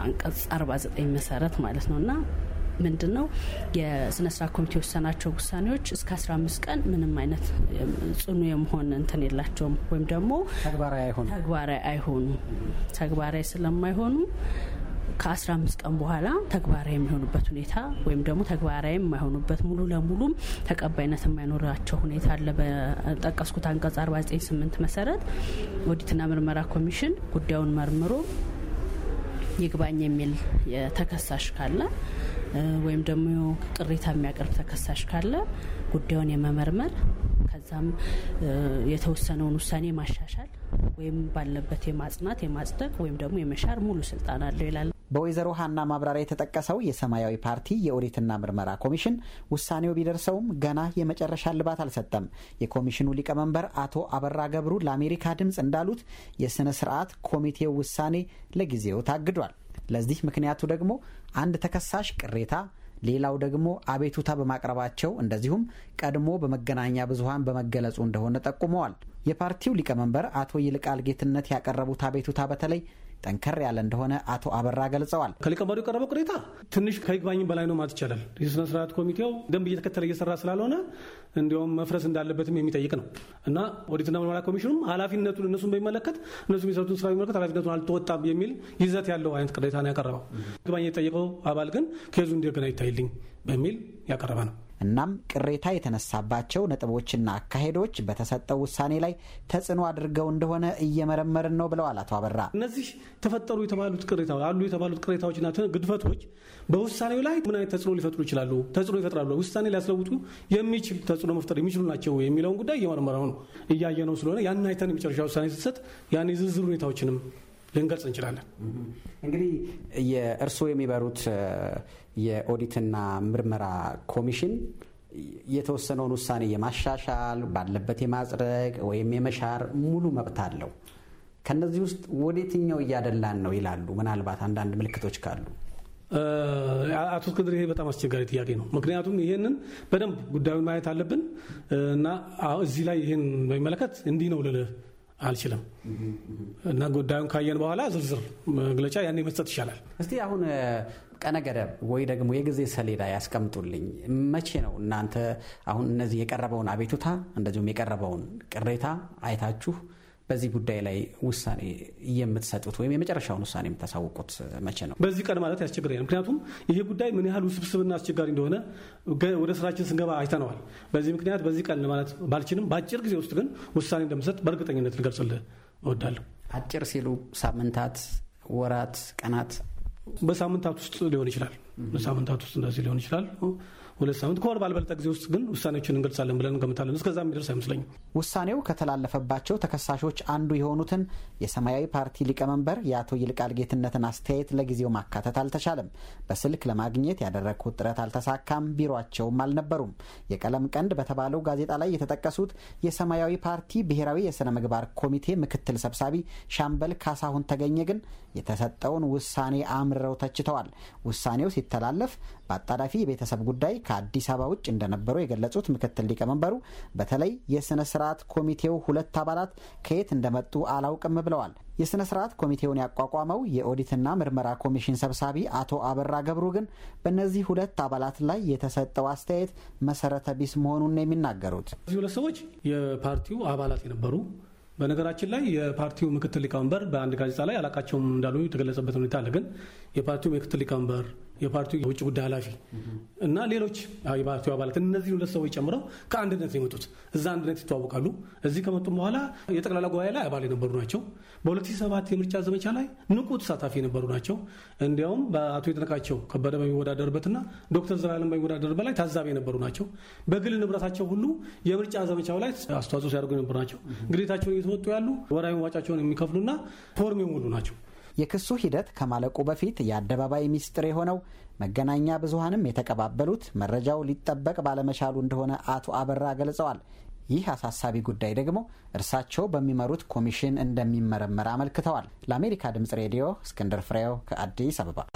አንቀጽ 49 መሰረት ማለት ነው እና ምንድን ነው የስነ ስራ ኮሚቴ ውሳናቸው ውሳኔዎች እስከ 15 ቀን ምንም አይነት ጽኑ የመሆን እንትን የላቸውም ወይም ደግሞ ተግባራዊ አይሆኑም። ተግባራዊ ስለማይሆኑ ከ15 ቀን በኋላ ተግባራዊ የሚሆኑበት ሁኔታ ወይም ደግሞ ተግባራዊ የማይሆኑበት ሙሉ ለሙሉም ተቀባይነት የማይኖራቸው ሁኔታ አለ። በጠቀስኩት አንቀጽ 498 መሰረት ኦዲትና ምርመራ ኮሚሽን ጉዳዩን መርምሮ ይግባኝ የሚል ተከሳሽ ካለ ወይም ደግሞ ቅሬታ የሚያቀርብ ተከሳሽ ካለ ጉዳዩን የመመርመር ከዛም የተወሰነውን ውሳኔ ማሻሻል ወይም ባለበት የማጽናት የማጽደቅ ወይም ደግሞ የመሻር ሙሉ ስልጣን አለው ይላል። በወይዘሮ ሀና ማብራሪያ የተጠቀሰው የሰማያዊ ፓርቲ የኦዲትና ምርመራ ኮሚሽን ውሳኔው ቢደርሰውም ገና የመጨረሻ ልባት አልሰጠም። የኮሚሽኑ ሊቀመንበር አቶ አበራ ገብሩ ለአሜሪካ ድምፅ እንዳሉት የሥነ ስርዓት ኮሚቴው ውሳኔ ለጊዜው ታግዷል። ለዚህ ምክንያቱ ደግሞ አንድ ተከሳሽ ቅሬታ ሌላው ደግሞ አቤቱታ በማቅረባቸው እንደዚሁም ቀድሞ በመገናኛ ብዙሃን በመገለጹ እንደሆነ ጠቁመዋል። የፓርቲው ሊቀመንበር አቶ ይልቃል ጌትነት ያቀረቡት አቤቱታ በተለይ ጠንከር ያለ እንደሆነ አቶ አበራ ገልጸዋል። ከሊቀመንበሩ የቀረበው ቅሬታ ትንሽ ከይግባኝ በላይ ነው ማለት ይቻላል። የስነ ስርዓት ኮሚቴው ደንብ እየተከተለ እየሰራ ስላልሆነ እንዲሁም መፍረስ እንዳለበትም የሚጠይቅ ነው እና ኦዲትና ምርመራ ኮሚሽኑም ኃላፊነቱን እነሱን በሚመለከት እነሱ የሚሰሩትን ስራ በሚመለከት ኃላፊነቱን አልተወጣም የሚል ይዘት ያለው አይነት ቅሬታ ነው ያቀረበው። ይግባኝ የጠየቀው አባል ግን ከዙ እንደገና ይታይልኝ በሚል ያቀረበ ነው። እናም ቅሬታ የተነሳባቸው ነጥቦችና አካሄዶች በተሰጠው ውሳኔ ላይ ተጽዕኖ አድርገው እንደሆነ እየመረመርን ነው ብለዋል አቶ አበራ። እነዚህ ተፈጠሩ የተባሉት ቅሬታ አሉ የተባሉት ቅሬታዎችና ግድፈቶች በውሳኔው ላይ ምን አይነት ተጽዕኖ ሊፈጥሩ ይችላሉ፣ ተጽዕኖ ይፈጥራሉ፣ ውሳኔ ሊያስለውጡ የሚችል ተጽዕኖ መፍጠር የሚችሉ ናቸው የሚለውን ጉዳይ እየመረመረ ነው እያየ ነው ስለሆነ ያን አይተን የመጨረሻ ውሳኔ ስትሰጥ ያን የዝርዝር ሁኔታዎችንም ልንገልጽ እንችላለን። እንግዲህ የእርስዎ የሚበሩት የኦዲትና ምርመራ ኮሚሽን የተወሰነውን ውሳኔ የማሻሻል ባለበት የማጽደቅ ወይም የመሻር ሙሉ መብት አለው። ከነዚህ ውስጥ ወደየትኛው እያደላን ነው ይላሉ? ምናልባት አንዳንድ ምልክቶች ካሉ አቶ እስክንድር ይሄ በጣም አስቸጋሪ ጥያቄ ነው። ምክንያቱም ይሄንን በደንብ ጉዳዩን ማየት አለብን እና እዚህ ላይ ይሄን በሚመለከት እንዲህ ነው ልልህ አልችልም እና ጉዳዩን ካየን በኋላ ዝርዝር መግለጫ ያኔ መስጠት ይሻላል። እስቲ አሁን ቀነ ገደብ ወይ ደግሞ የጊዜ ሰሌዳ ያስቀምጡልኝ። መቼ ነው እናንተ አሁን እነዚህ የቀረበውን አቤቱታ እንደዚሁም የቀረበውን ቅሬታ አይታችሁ በዚህ ጉዳይ ላይ ውሳኔ የምትሰጡት ወይም የመጨረሻውን ውሳኔ የምታሳውቁት መቼ ነው? በዚህ ቀን ማለት ያስቸግረኛል። ምክንያቱም ይሄ ጉዳይ ምን ያህል ውስብስብና አስቸጋሪ እንደሆነ ወደ ስራችን ስንገባ አይተነዋል። በዚህ ምክንያት በዚህ ቀን ማለት ባልችልም፣ በአጭር ጊዜ ውስጥ ግን ውሳኔ እንደምሰጥ በእርግጠኝነት ልገልጽልህ እወዳለሁ። አጭር ሲሉ ሳምንታት፣ ወራት፣ ቀናት በሳምንታት ውስጥ ሊሆን ይችላል። በሳምንታት ውስጥ እንደዚህ ሊሆን ይችላል። ሁለት ሳምንት ከወር ባልበለጠ ጊዜ ውስጥ ግን ውሳኔዎችን እንገልጻለን ብለን እንገምታለን። እስከዛ የሚደርስ አይመስለኝም። ውሳኔው ከተላለፈባቸው ተከሳሾች አንዱ የሆኑትን የሰማያዊ ፓርቲ ሊቀመንበር የአቶ ይልቃል ጌትነትን አስተያየት ለጊዜው ማካተት አልተቻለም። በስልክ ለማግኘት ያደረግኩት ጥረት አልተሳካም። ቢሯቸውም አልነበሩም። የቀለም ቀንድ በተባለው ጋዜጣ ላይ የተጠቀሱት የሰማያዊ ፓርቲ ብሔራዊ የሥነ ምግባር ኮሚቴ ምክትል ሰብሳቢ ሻምበል ካሳሁን ተገኘ ግን የተሰጠውን ውሳኔ አምርረው ተችተዋል። ውሳኔው ሲተላለፍ በአጣዳፊ የቤተሰብ ጉዳይ ከአዲስ አበባ ውጭ እንደነበሩ የገለጹት ምክትል ሊቀመንበሩ በተለይ የሥነ ስርዓት ኮሚቴው ሁለት አባላት ከየት እንደመጡ አላውቅም ብለዋል። የሥነ ስርዓት ኮሚቴውን ያቋቋመው የኦዲትና ምርመራ ኮሚሽን ሰብሳቢ አቶ አበራ ገብሩ ግን በእነዚህ ሁለት አባላት ላይ የተሰጠው አስተያየት መሰረተ ቢስ መሆኑን ነው የሚናገሩት። እነዚህ ሁለት ሰዎች የፓርቲው አባላት የነበሩ በነገራችን ላይ የፓርቲው ምክትል ሊቀመንበር በአንድ ጋዜጣ ላይ አላቃቸውም እንዳሉ የተገለጸበት ሁኔታ አለ። ግን የፓርቲው ምክትል ሊቀመንበር የፓርቲው የውጭ ጉዳይ ኃላፊ እና ሌሎች የፓርቲው አባላት እነዚህ ሁለት ሰዎች ጨምረው ከአንድነት ነው የመጡት። እዛ አንድነት ይተዋወቃሉ። እዚህ ከመጡ በኋላ የጠቅላላ ጉባኤ ላይ አባል የነበሩ ናቸው። በ2007 የምርጫ ዘመቻ ላይ ንቁ ተሳታፊ የነበሩ ናቸው። እንዲያውም በአቶ የተነቃቸው ከበደ በሚወዳደርበትና ዶክተር ዘላለም በሚወዳደርበት ላይ ታዛቢ የነበሩ ናቸው። በግል ንብረታቸው ሁሉ የምርጫ ዘመቻው ላይ አስተዋጽኦ ሲያደርጉ የነበሩ ናቸው። ግዴታቸውን እየተወጡ ያሉ ወራዊ መዋጫቸውን የሚከፍሉና ፎርም የሞሉ ናቸው። የክሱ ሂደት ከማለቁ በፊት የአደባባይ ሚስጥር የሆነው መገናኛ ብዙሃንም የተቀባበሉት መረጃው ሊጠበቅ ባለመቻሉ እንደሆነ አቶ አበራ ገልጸዋል። ይህ አሳሳቢ ጉዳይ ደግሞ እርሳቸው በሚመሩት ኮሚሽን እንደሚመረመር አመልክተዋል። ለአሜሪካ ድምፅ ሬዲዮ እስክንድር ፍሬው ከአዲስ አበባ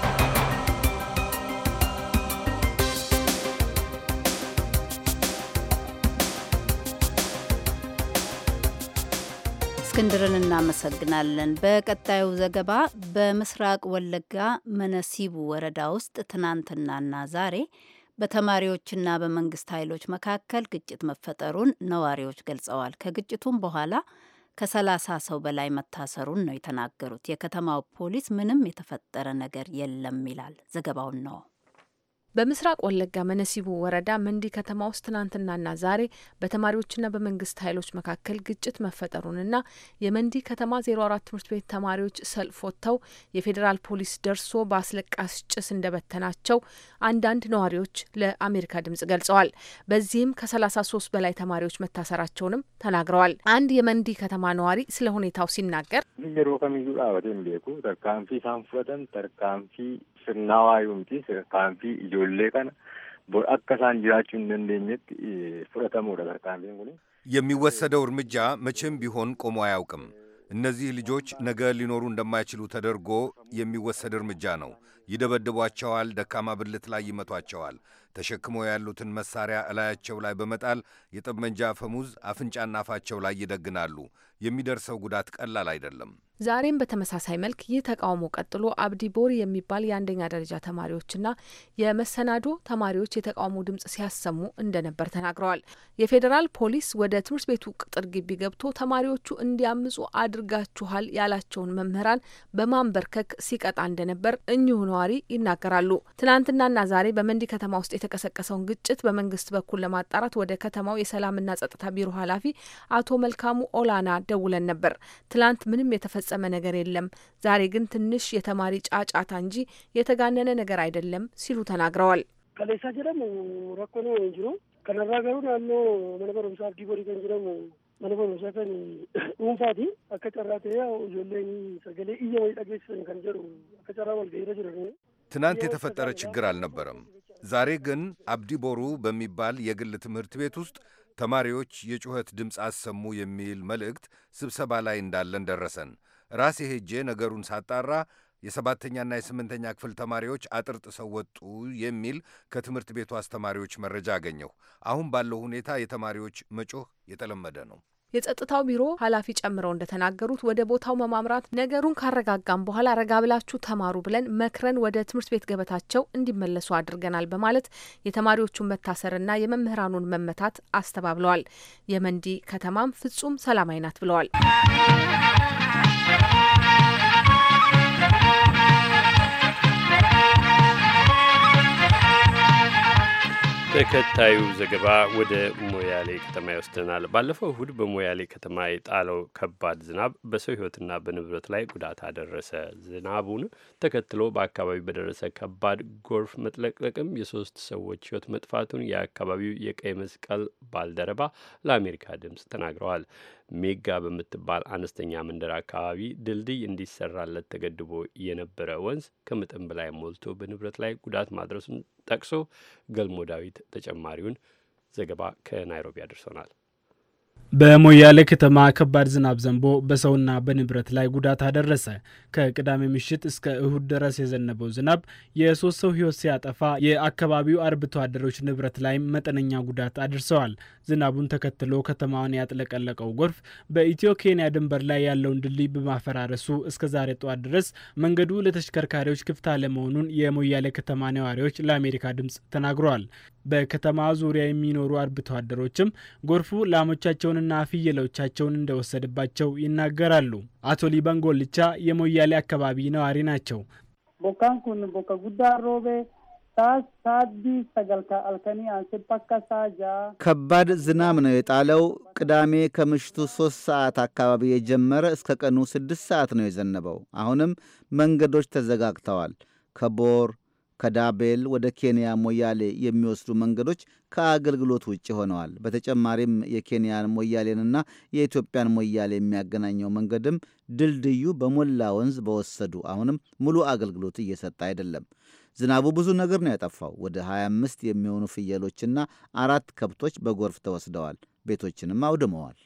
እስክንድርን እናመሰግናለን። በቀጣዩ ዘገባ በምስራቅ ወለጋ መነሲቡ ወረዳ ውስጥ ትናንትናና ዛሬ በተማሪዎችና በመንግስት ኃይሎች መካከል ግጭት መፈጠሩን ነዋሪዎች ገልጸዋል። ከግጭቱም በኋላ ከሰላሳ ሰው በላይ መታሰሩን ነው የተናገሩት። የከተማው ፖሊስ ምንም የተፈጠረ ነገር የለም ይላል። ዘገባውን ነው በምስራቅ ወለጋ መነሲቡ ወረዳ መንዲ ከተማ ውስጥ ትናንትናና ዛሬ በተማሪዎችና በመንግስት ኃይሎች መካከል ግጭት መፈጠሩንና የመንዲ ከተማ ዜሮ አራት ትምህርት ቤት ተማሪዎች ሰልፍ ወጥተው የፌዴራል ፖሊስ ደርሶ በአስለቃስ ጭስ እንደበተናቸው አንዳንድ ነዋሪዎች ለአሜሪካ ድምጽ ገልጸዋል። በዚህም ከሰላሳ ሶስት በላይ ተማሪዎች መታሰራቸውንም ተናግረዋል። አንድ የመንዲ ከተማ ነዋሪ ስለ ሁኔታው ሲናገር ሮ ከሚዙ ተርካንፊ ሳንፍረተን ተርካንፊ sirnaa yoo miti tarkaanfii ijoollee kana akka isaan jiraachuu hin dandeenyetti fudhatamuudha tarkaanfiin kun. የሚወሰደው እርምጃ መቼም ቢሆን ቆሞ አያውቅም። እነዚህ ልጆች ነገ ሊኖሩ እንደማይችሉ ተደርጎ የሚወሰድ እርምጃ ነው። ይደበድቧቸዋል፣ ደካማ ብልት ላይ ይመቷቸዋል። ተሸክሞ ያሉትን መሳሪያ እላያቸው ላይ በመጣል የጠመንጃ ፈሙዝ አፍንጫና አፋቸው ላይ ይደግናሉ። የሚደርሰው ጉዳት ቀላል አይደለም። ዛሬም በተመሳሳይ መልክ ይህ ተቃውሞ ቀጥሎ አብዲ ቦሪ የሚባል የአንደኛ ደረጃ ተማሪዎችና የመሰናዶ ተማሪዎች የተቃውሞ ድምጽ ሲያሰሙ እንደነበር ተናግረዋል። የፌዴራል ፖሊስ ወደ ትምህርት ቤቱ ቅጥር ግቢ ገብቶ ተማሪዎቹ እንዲያምፁ አድርጋችኋል ያላቸውን መምህራን በማንበርከክ ሲቀጣ እንደነበር እኚሁ ነዋሪ ይናገራሉ። ትናንትናና ዛሬ በመንዲ ከተማ ውስጥ የተቀሰቀሰውን ግጭት በመንግስት በኩል ለማጣራት ወደ ከተማው የሰላምና ጸጥታ ቢሮ ኃላፊ አቶ መልካሙ ኦላና ደውለን ነበር። ትናንት ምንም የተፈጸመ ነገር የለም፣ ዛሬ ግን ትንሽ የተማሪ ጫጫታ እንጂ የተጋነነ ነገር አይደለም ሲሉ ተናግረዋል። ከሌሳ ረኮ ነው Mana shatan dhuunfaati akka carraa ta'e ijoolleen sagalee iyya wayii dhageessisan kan jedhu akka carraa wal gahiirra jiran ትናንት የተፈጠረ ችግር አልነበረም። ዛሬ ግን አብዲ ቦሩ በሚባል የግል ትምህርት ቤት ውስጥ ተማሪዎች የጩኸት ድምፅ አሰሙ የሚል መልእክት ስብሰባ ላይ እንዳለን ደረሰን። ራሴ ሄጄ ነገሩን ሳጣራ የሰባተኛና የስምንተኛ ክፍል ተማሪዎች አጥር ጥሰው ወጡ የሚል ከትምህርት ቤቱ አስተማሪዎች መረጃ አገኘሁ። አሁን ባለው ሁኔታ የተማሪዎች መጮህ የተለመደ ነው። የጸጥታው ቢሮ ኃላፊ ጨምረው እንደተናገሩት ወደ ቦታው በማምራት ነገሩን ካረጋጋም በኋላ ረጋ ብላችሁ ተማሩ ብለን መክረን ወደ ትምህርት ቤት ገበታቸው እንዲመለሱ አድርገናል በማለት የተማሪዎቹን መታሰርና የመምህራኑን መመታት አስተባብለዋል። የመንዲ ከተማም ፍጹም ሰላማዊ ናት ብለዋል። ተከታዩ ዘገባ ወደ ሞያሌ ከተማ ይወስደናል። ባለፈው እሁድ በሞያሌ ከተማ የጣለው ከባድ ዝናብ በሰው ሕይወትና በንብረት ላይ ጉዳት አደረሰ። ዝናቡን ተከትሎ በአካባቢው በደረሰ ከባድ ጎርፍ መጥለቅለቅም የሶስት ሰዎች ሕይወት መጥፋቱን የአካባቢው የቀይ መስቀል ባልደረባ ለአሜሪካ ድምፅ ተናግረዋል። ሜጋ በምትባል አነስተኛ መንደር አካባቢ ድልድይ እንዲሰራለት ተገድቦ የነበረ ወንዝ ከመጠን በላይ ሞልቶ በንብረት ላይ ጉዳት ማድረሱን ጠቅሶ ገልሞ ዳዊት ተጨማሪውን ዘገባ ከናይሮቢ አድርሶናል። በሞያሌ ከተማ ከባድ ዝናብ ዘንቦ በሰውና በንብረት ላይ ጉዳት አደረሰ። ከቅዳሜ ምሽት እስከ እሁድ ድረስ የዘነበው ዝናብ የሶስት ሰው ሕይወት ሲያጠፋ የአካባቢው አርብቶ አደሮች ንብረት ላይ መጠነኛ ጉዳት አድርሰዋል። ዝናቡን ተከትሎ ከተማዋን ያጥለቀለቀው ጎርፍ በኢትዮ ኬንያ ድንበር ላይ ያለውን ድልድይ በማፈራረሱ እስከ ዛሬ ጠዋት ድረስ መንገዱ ለተሽከርካሪዎች ክፍት አለመሆኑን የሞያሌ ከተማ ነዋሪዎች ለአሜሪካ ድምጽ ተናግረዋል። በከተማ ዙሪያ የሚኖሩ አርብቶ አደሮችም ጎርፉ ላሞቻቸው ከብቶቻቸውንና ፍየሎቻቸውን እንደወሰደባቸው ይናገራሉ። አቶ ሊበን ጎልቻ የሞያሌ አካባቢ ነዋሪ ናቸው። ቦካን ኩን ቦካ ጉዳ ሮቤ ከባድ ዝናብ ነው የጣለው። ቅዳሜ ከምሽቱ ሶስት ሰዓት አካባቢ የጀመረ እስከ ቀኑ ስድስት ሰዓት ነው የዘነበው። አሁንም መንገዶች ተዘጋግተዋል። ከቦር ከዳቤል ወደ ኬንያ ሞያሌ የሚወስዱ መንገዶች ከአገልግሎት ውጭ ሆነዋል። በተጨማሪም የኬንያን ሞያሌንና የኢትዮጵያን ሞያሌ የሚያገናኘው መንገድም ድልድዩ በሞላ ወንዝ በወሰዱ አሁንም ሙሉ አገልግሎት እየሰጠ አይደለም። ዝናቡ ብዙ ነገር ነው ያጠፋው። ወደ 25 የሚሆኑ ፍየሎችና አራት ከብቶች በጎርፍ ተወስደዋል። ቤቶችንም አውድመዋል።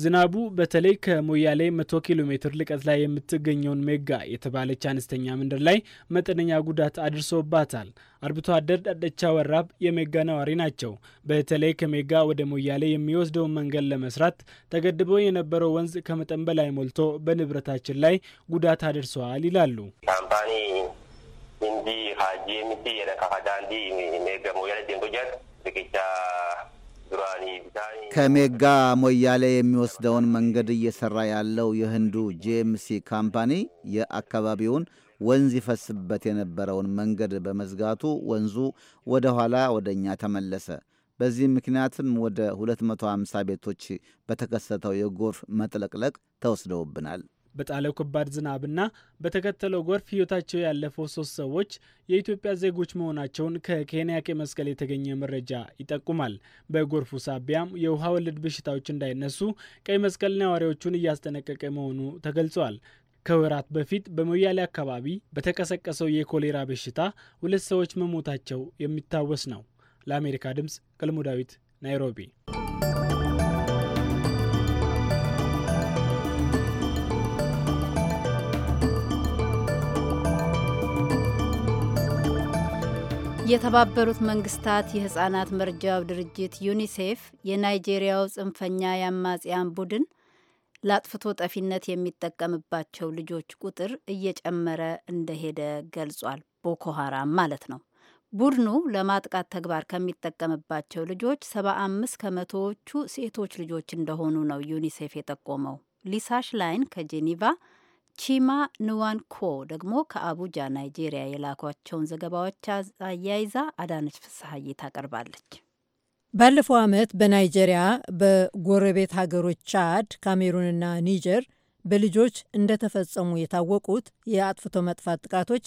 ዝናቡ በተለይ ከሞያሌ መቶ ኪሎ ሜትር ልቀት ላይ የምትገኘውን ሜጋ የተባለች አነስተኛ መንደር ላይ መጠነኛ ጉዳት አድርሶባታል። አርብቶ አደር ዳደቻ ወራብ የሜጋ ነዋሪ ናቸው። በተለይ ከሜጋ ወደ ሞያሌ የሚወስደውን መንገድ ለመስራት ተገድቦ የነበረው ወንዝ ከመጠን በላይ ሞልቶ በንብረታችን ላይ ጉዳት አድርሰዋል ይላሉ። ካምፓኒ ሀጂ ዳንዲ ሜጋ ሞያሌ ከሜጋ ሞያሌ የሚወስደውን መንገድ እየሠራ ያለው የህንዱ ጄምሲ ካምፓኒ የአካባቢውን ወንዝ ይፈስበት የነበረውን መንገድ በመዝጋቱ ወንዙ ወደ ኋላ ወደ እኛ ተመለሰ። በዚህ ምክንያትም ወደ 250 ቤቶች በተከሰተው የጎርፍ መጥለቅለቅ ተወስደውብናል። በጣለው ከባድ ዝናብና በተከተለው ጎርፍ ህይወታቸው ያለፈው ሶስት ሰዎች የኢትዮጵያ ዜጎች መሆናቸውን ከኬንያ ቀይ መስቀል የተገኘ መረጃ ይጠቁማል። በጎርፉ ሳቢያም የውሃ ወለድ በሽታዎች እንዳይነሱ ቀይ መስቀል ነዋሪዎቹን እያስጠነቀቀ መሆኑ ተገልጿል። ከወራት በፊት በሞያሌ አካባቢ በተቀሰቀሰው የኮሌራ በሽታ ሁለት ሰዎች መሞታቸው የሚታወስ ነው። ለአሜሪካ ድምፅ ቀልሙ ዳዊት ናይሮቢ የተባበሩት መንግስታት የህጻናት መርጃው ድርጅት ዩኒሴፍ የናይጄሪያው ጽንፈኛ የአማጽያን ቡድን ለአጥፍቶ ጠፊነት የሚጠቀምባቸው ልጆች ቁጥር እየጨመረ እንደሄደ ገልጿል። ቦኮ ሀራም ማለት ነው። ቡድኑ ለማጥቃት ተግባር ከሚጠቀምባቸው ልጆች 75 ከመቶዎቹ ሴቶች ልጆች እንደሆኑ ነው ዩኒሴፍ የጠቆመው። ሊሳ ሽላይን ከጄኒቫ ቺማ ንዋንኮ ደግሞ ከአቡጃ ናይጄሪያ የላኳቸውን ዘገባዎች አያይዛ አዳነች ፍስሐዬ ታቀርባለች። ባለፈው ዓመት በናይጄሪያ በጎረቤት ሀገሮች ቻድ፣ ካሜሩንና ኒጀር በልጆች እንደተፈጸሙ የታወቁት የአጥፍቶ መጥፋት ጥቃቶች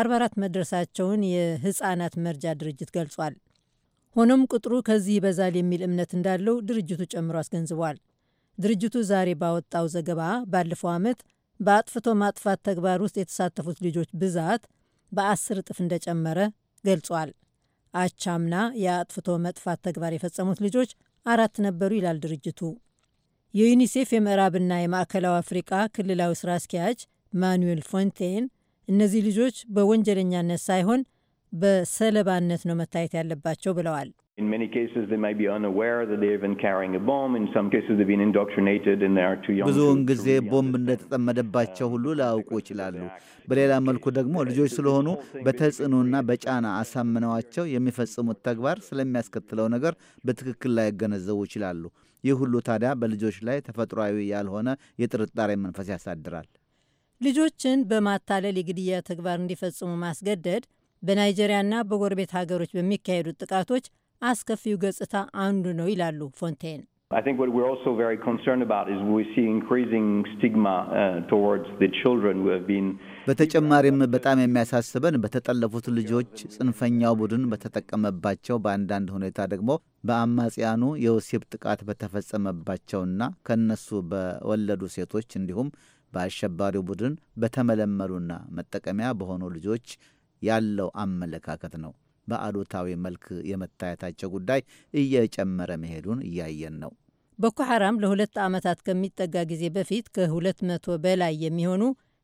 44 መድረሳቸውን የህፃናት መርጃ ድርጅት ገልጿል። ሆኖም ቁጥሩ ከዚህ ይበዛል የሚል እምነት እንዳለው ድርጅቱ ጨምሮ አስገንዝቧል። ድርጅቱ ዛሬ ባወጣው ዘገባ ባለፈው ዓመት በአጥፍቶ ማጥፋት ተግባር ውስጥ የተሳተፉት ልጆች ብዛት በአስር እጥፍ እንደጨመረ ገልጿል። አቻምና የአጥፍቶ መጥፋት ተግባር የፈጸሙት ልጆች አራት ነበሩ ይላል ድርጅቱ። የዩኒሴፍ የምዕራብና የማዕከላዊ አፍሪቃ ክልላዊ ስራ አስኪያጅ ማኑዌል ፎንቴን እነዚህ ልጆች በወንጀለኛነት ሳይሆን በሰለባነት ነው መታየት ያለባቸው ብለዋል። In many cases, they may be unaware that they've been carrying a bomb. In some cases, they've been indoctrinated and they are too young. ብዙውን ጊዜ ቦምብ እንደተጠመደባቸው ሁሉ uh, ላያውቁ ይችላሉ። በሌላ መልኩ ደግሞ ልጆች ስለሆኑ በተጽዕኖና በጫና አሳምነዋቸው የሚፈጽሙት ተግባር ስለሚያስከትለው ነገር በትክክል ላይገነዘቡ ይችላሉ። ይህ ሁሉ ታዲያ በልጆች ላይ ተፈጥሯዊ ያልሆነ የጥርጣሬ መንፈስ ያሳድራል። ልጆችን በማታለል የግድያ ተግባር እንዲፈጽሙ ማስገደድ በናይጄሪያና በጎረቤት ሀገሮች በሚካሄዱት ጥቃቶች አስከፊው ገጽታ አንዱ ነው ይላሉ ፎንቴን። በተጨማሪም በጣም የሚያሳስበን በተጠለፉት ልጆች ጽንፈኛው ቡድን በተጠቀመባቸው በአንዳንድ ሁኔታ ደግሞ በአማጽያኑ የወሲብ ጥቃት በተፈጸመባቸውና ከነሱ በወለዱ ሴቶች እንዲሁም በአሸባሪው ቡድን በተመለመሉና መጠቀሚያ በሆኑ ልጆች ያለው አመለካከት ነው። በአሉታዊ መልክ የመታየታቸው ጉዳይ እየጨመረ መሄዱን እያየን ነው። ቦኮ ሐራም ለሁለት ዓመታት ከሚጠጋ ጊዜ በፊት ከሁለት መቶ በላይ የሚሆኑ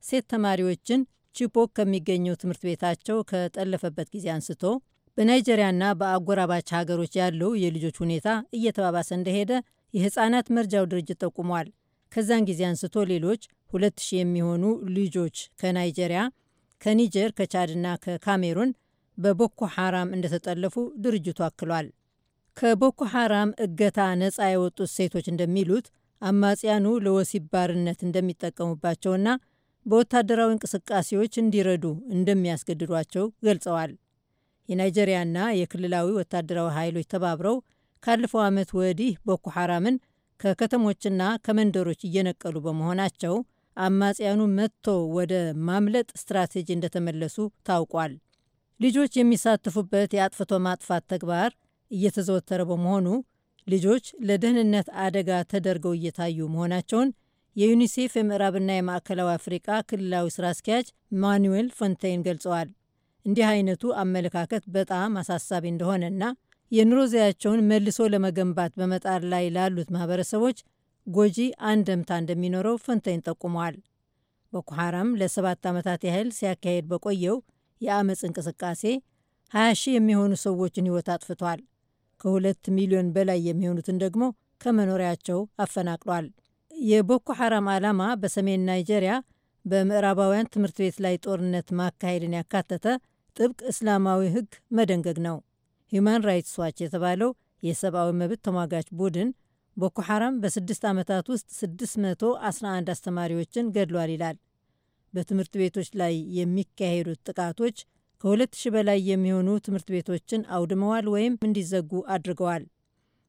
ሴት ተማሪዎችን ቺፖክ ከሚገኘው ትምህርት ቤታቸው ከጠለፈበት ጊዜ አንስቶ በናይጀሪያና በአጎራባች ሀገሮች ያለው የልጆች ሁኔታ እየተባባሰ እንደሄደ የሕፃናት መርጃው ድርጅት ጠቁሟል። ከዛን ጊዜ አንስቶ ሌሎች 2000 የሚሆኑ ልጆች ከናይጀሪያ፣ ከኒጀር፣ ከቻድና ከካሜሩን በቦኮ ሐራም እንደተጠለፉ ድርጅቱ አክሏል። ከቦኮ ሐራም እገታ ነፃ የወጡት ሴቶች እንደሚሉት አማጽያኑ ለወሲብ ባርነት እንደሚጠቀሙባቸውና በወታደራዊ እንቅስቃሴዎች እንዲረዱ እንደሚያስገድዷቸው ገልጸዋል። የናይጀሪያና የክልላዊ ወታደራዊ ኃይሎች ተባብረው ካለፈው ዓመት ወዲህ ቦኮ ሐራምን ከከተሞችና ከመንደሮች እየነቀሉ በመሆናቸው አማጽያኑ መጥቶ ወደ ማምለጥ ስትራቴጂ እንደተመለሱ ታውቋል። ልጆች የሚሳተፉበት የአጥፍቶ ማጥፋት ተግባር እየተዘወተረ በመሆኑ ልጆች ለደህንነት አደጋ ተደርገው እየታዩ መሆናቸውን የዩኒሴፍ የምዕራብና የማዕከላዊ አፍሪቃ ክልላዊ ስራ አስኪያጅ ማኑዌል ፎንቴይን ገልጸዋል። እንዲህ አይነቱ አመለካከት በጣም አሳሳቢ እንደሆነና የኑሮ ዘያቸውን መልሶ ለመገንባት በመጣር ላይ ላሉት ማህበረሰቦች ጎጂ አንደምታ እንደሚኖረው ፎንቴይን ጠቁመዋል። ቦኮ ሐራም ለሰባት ዓመታት ያህል ሲያካሄድ በቆየው የአመፅ እንቅስቃሴ 20 ሺህ የሚሆኑ ሰዎችን ሕይወት አጥፍቷል። ከሁለት ሚሊዮን በላይ የሚሆኑትን ደግሞ ከመኖሪያቸው አፈናቅሏል። የቦኮ ሐራም ዓላማ በሰሜን ናይጄሪያ በምዕራባውያን ትምህርት ቤት ላይ ጦርነት ማካሄድን ያካተተ ጥብቅ እስላማዊ ሕግ መደንገግ ነው። ሂዩማን ራይትስ ዋች የተባለው የሰብአዊ መብት ተሟጋች ቡድን ቦኮ ሐራም በስድስት ዓመታት ውስጥ 611 አስተማሪዎችን ገድሏል ይላል። በትምህርት ቤቶች ላይ የሚካሄዱት ጥቃቶች ከ ሺህ በላይ የሚሆኑ ትምህርት ቤቶችን አውድመዋል ወይም እንዲዘጉ አድርገዋል።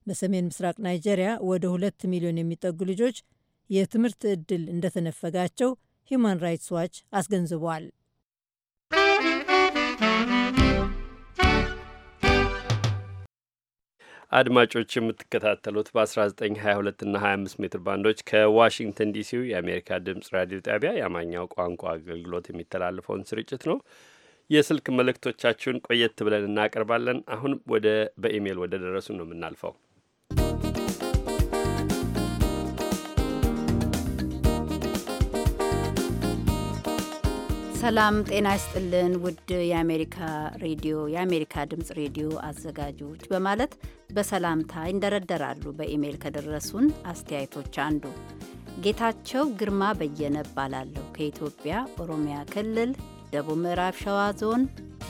በሰሜን ምስራቅ ናይጄሪያ ወደ ሁለት ሚሊዮን የሚጠጉ ልጆች የትምህርት ዕድል እንደተነፈጋቸው ሂዩማን ራይትስ ዋች አስገንዝበዋል። አድማጮች የምትከታተሉት በ1922 እና 25 ሜትር ባንዶች ከዋሽንግተን ዲሲው የአሜሪካ ድምፅ ራዲዮ ጣቢያ የአማርኛው ቋንቋ አገልግሎት የሚተላለፈውን ስርጭት ነው። የስልክ መልእክቶቻችሁን ቆየት ብለን እናቀርባለን። አሁን ወደ በኢሜይል ወደ ደረሱ ነው የምናልፈው። ሰላም ጤና ይስጥልን ውድ የአሜሪካ ሬዲዮ የአሜሪካ ድምፅ ሬዲዮ አዘጋጆች በማለት በሰላምታ ይንደረደራሉ። በኢሜይል ከደረሱን አስተያየቶች አንዱ ጌታቸው ግርማ በየነ እባላለሁ ከኢትዮጵያ ኦሮሚያ ክልል ደቡብ ምዕራብ ሸዋ ዞን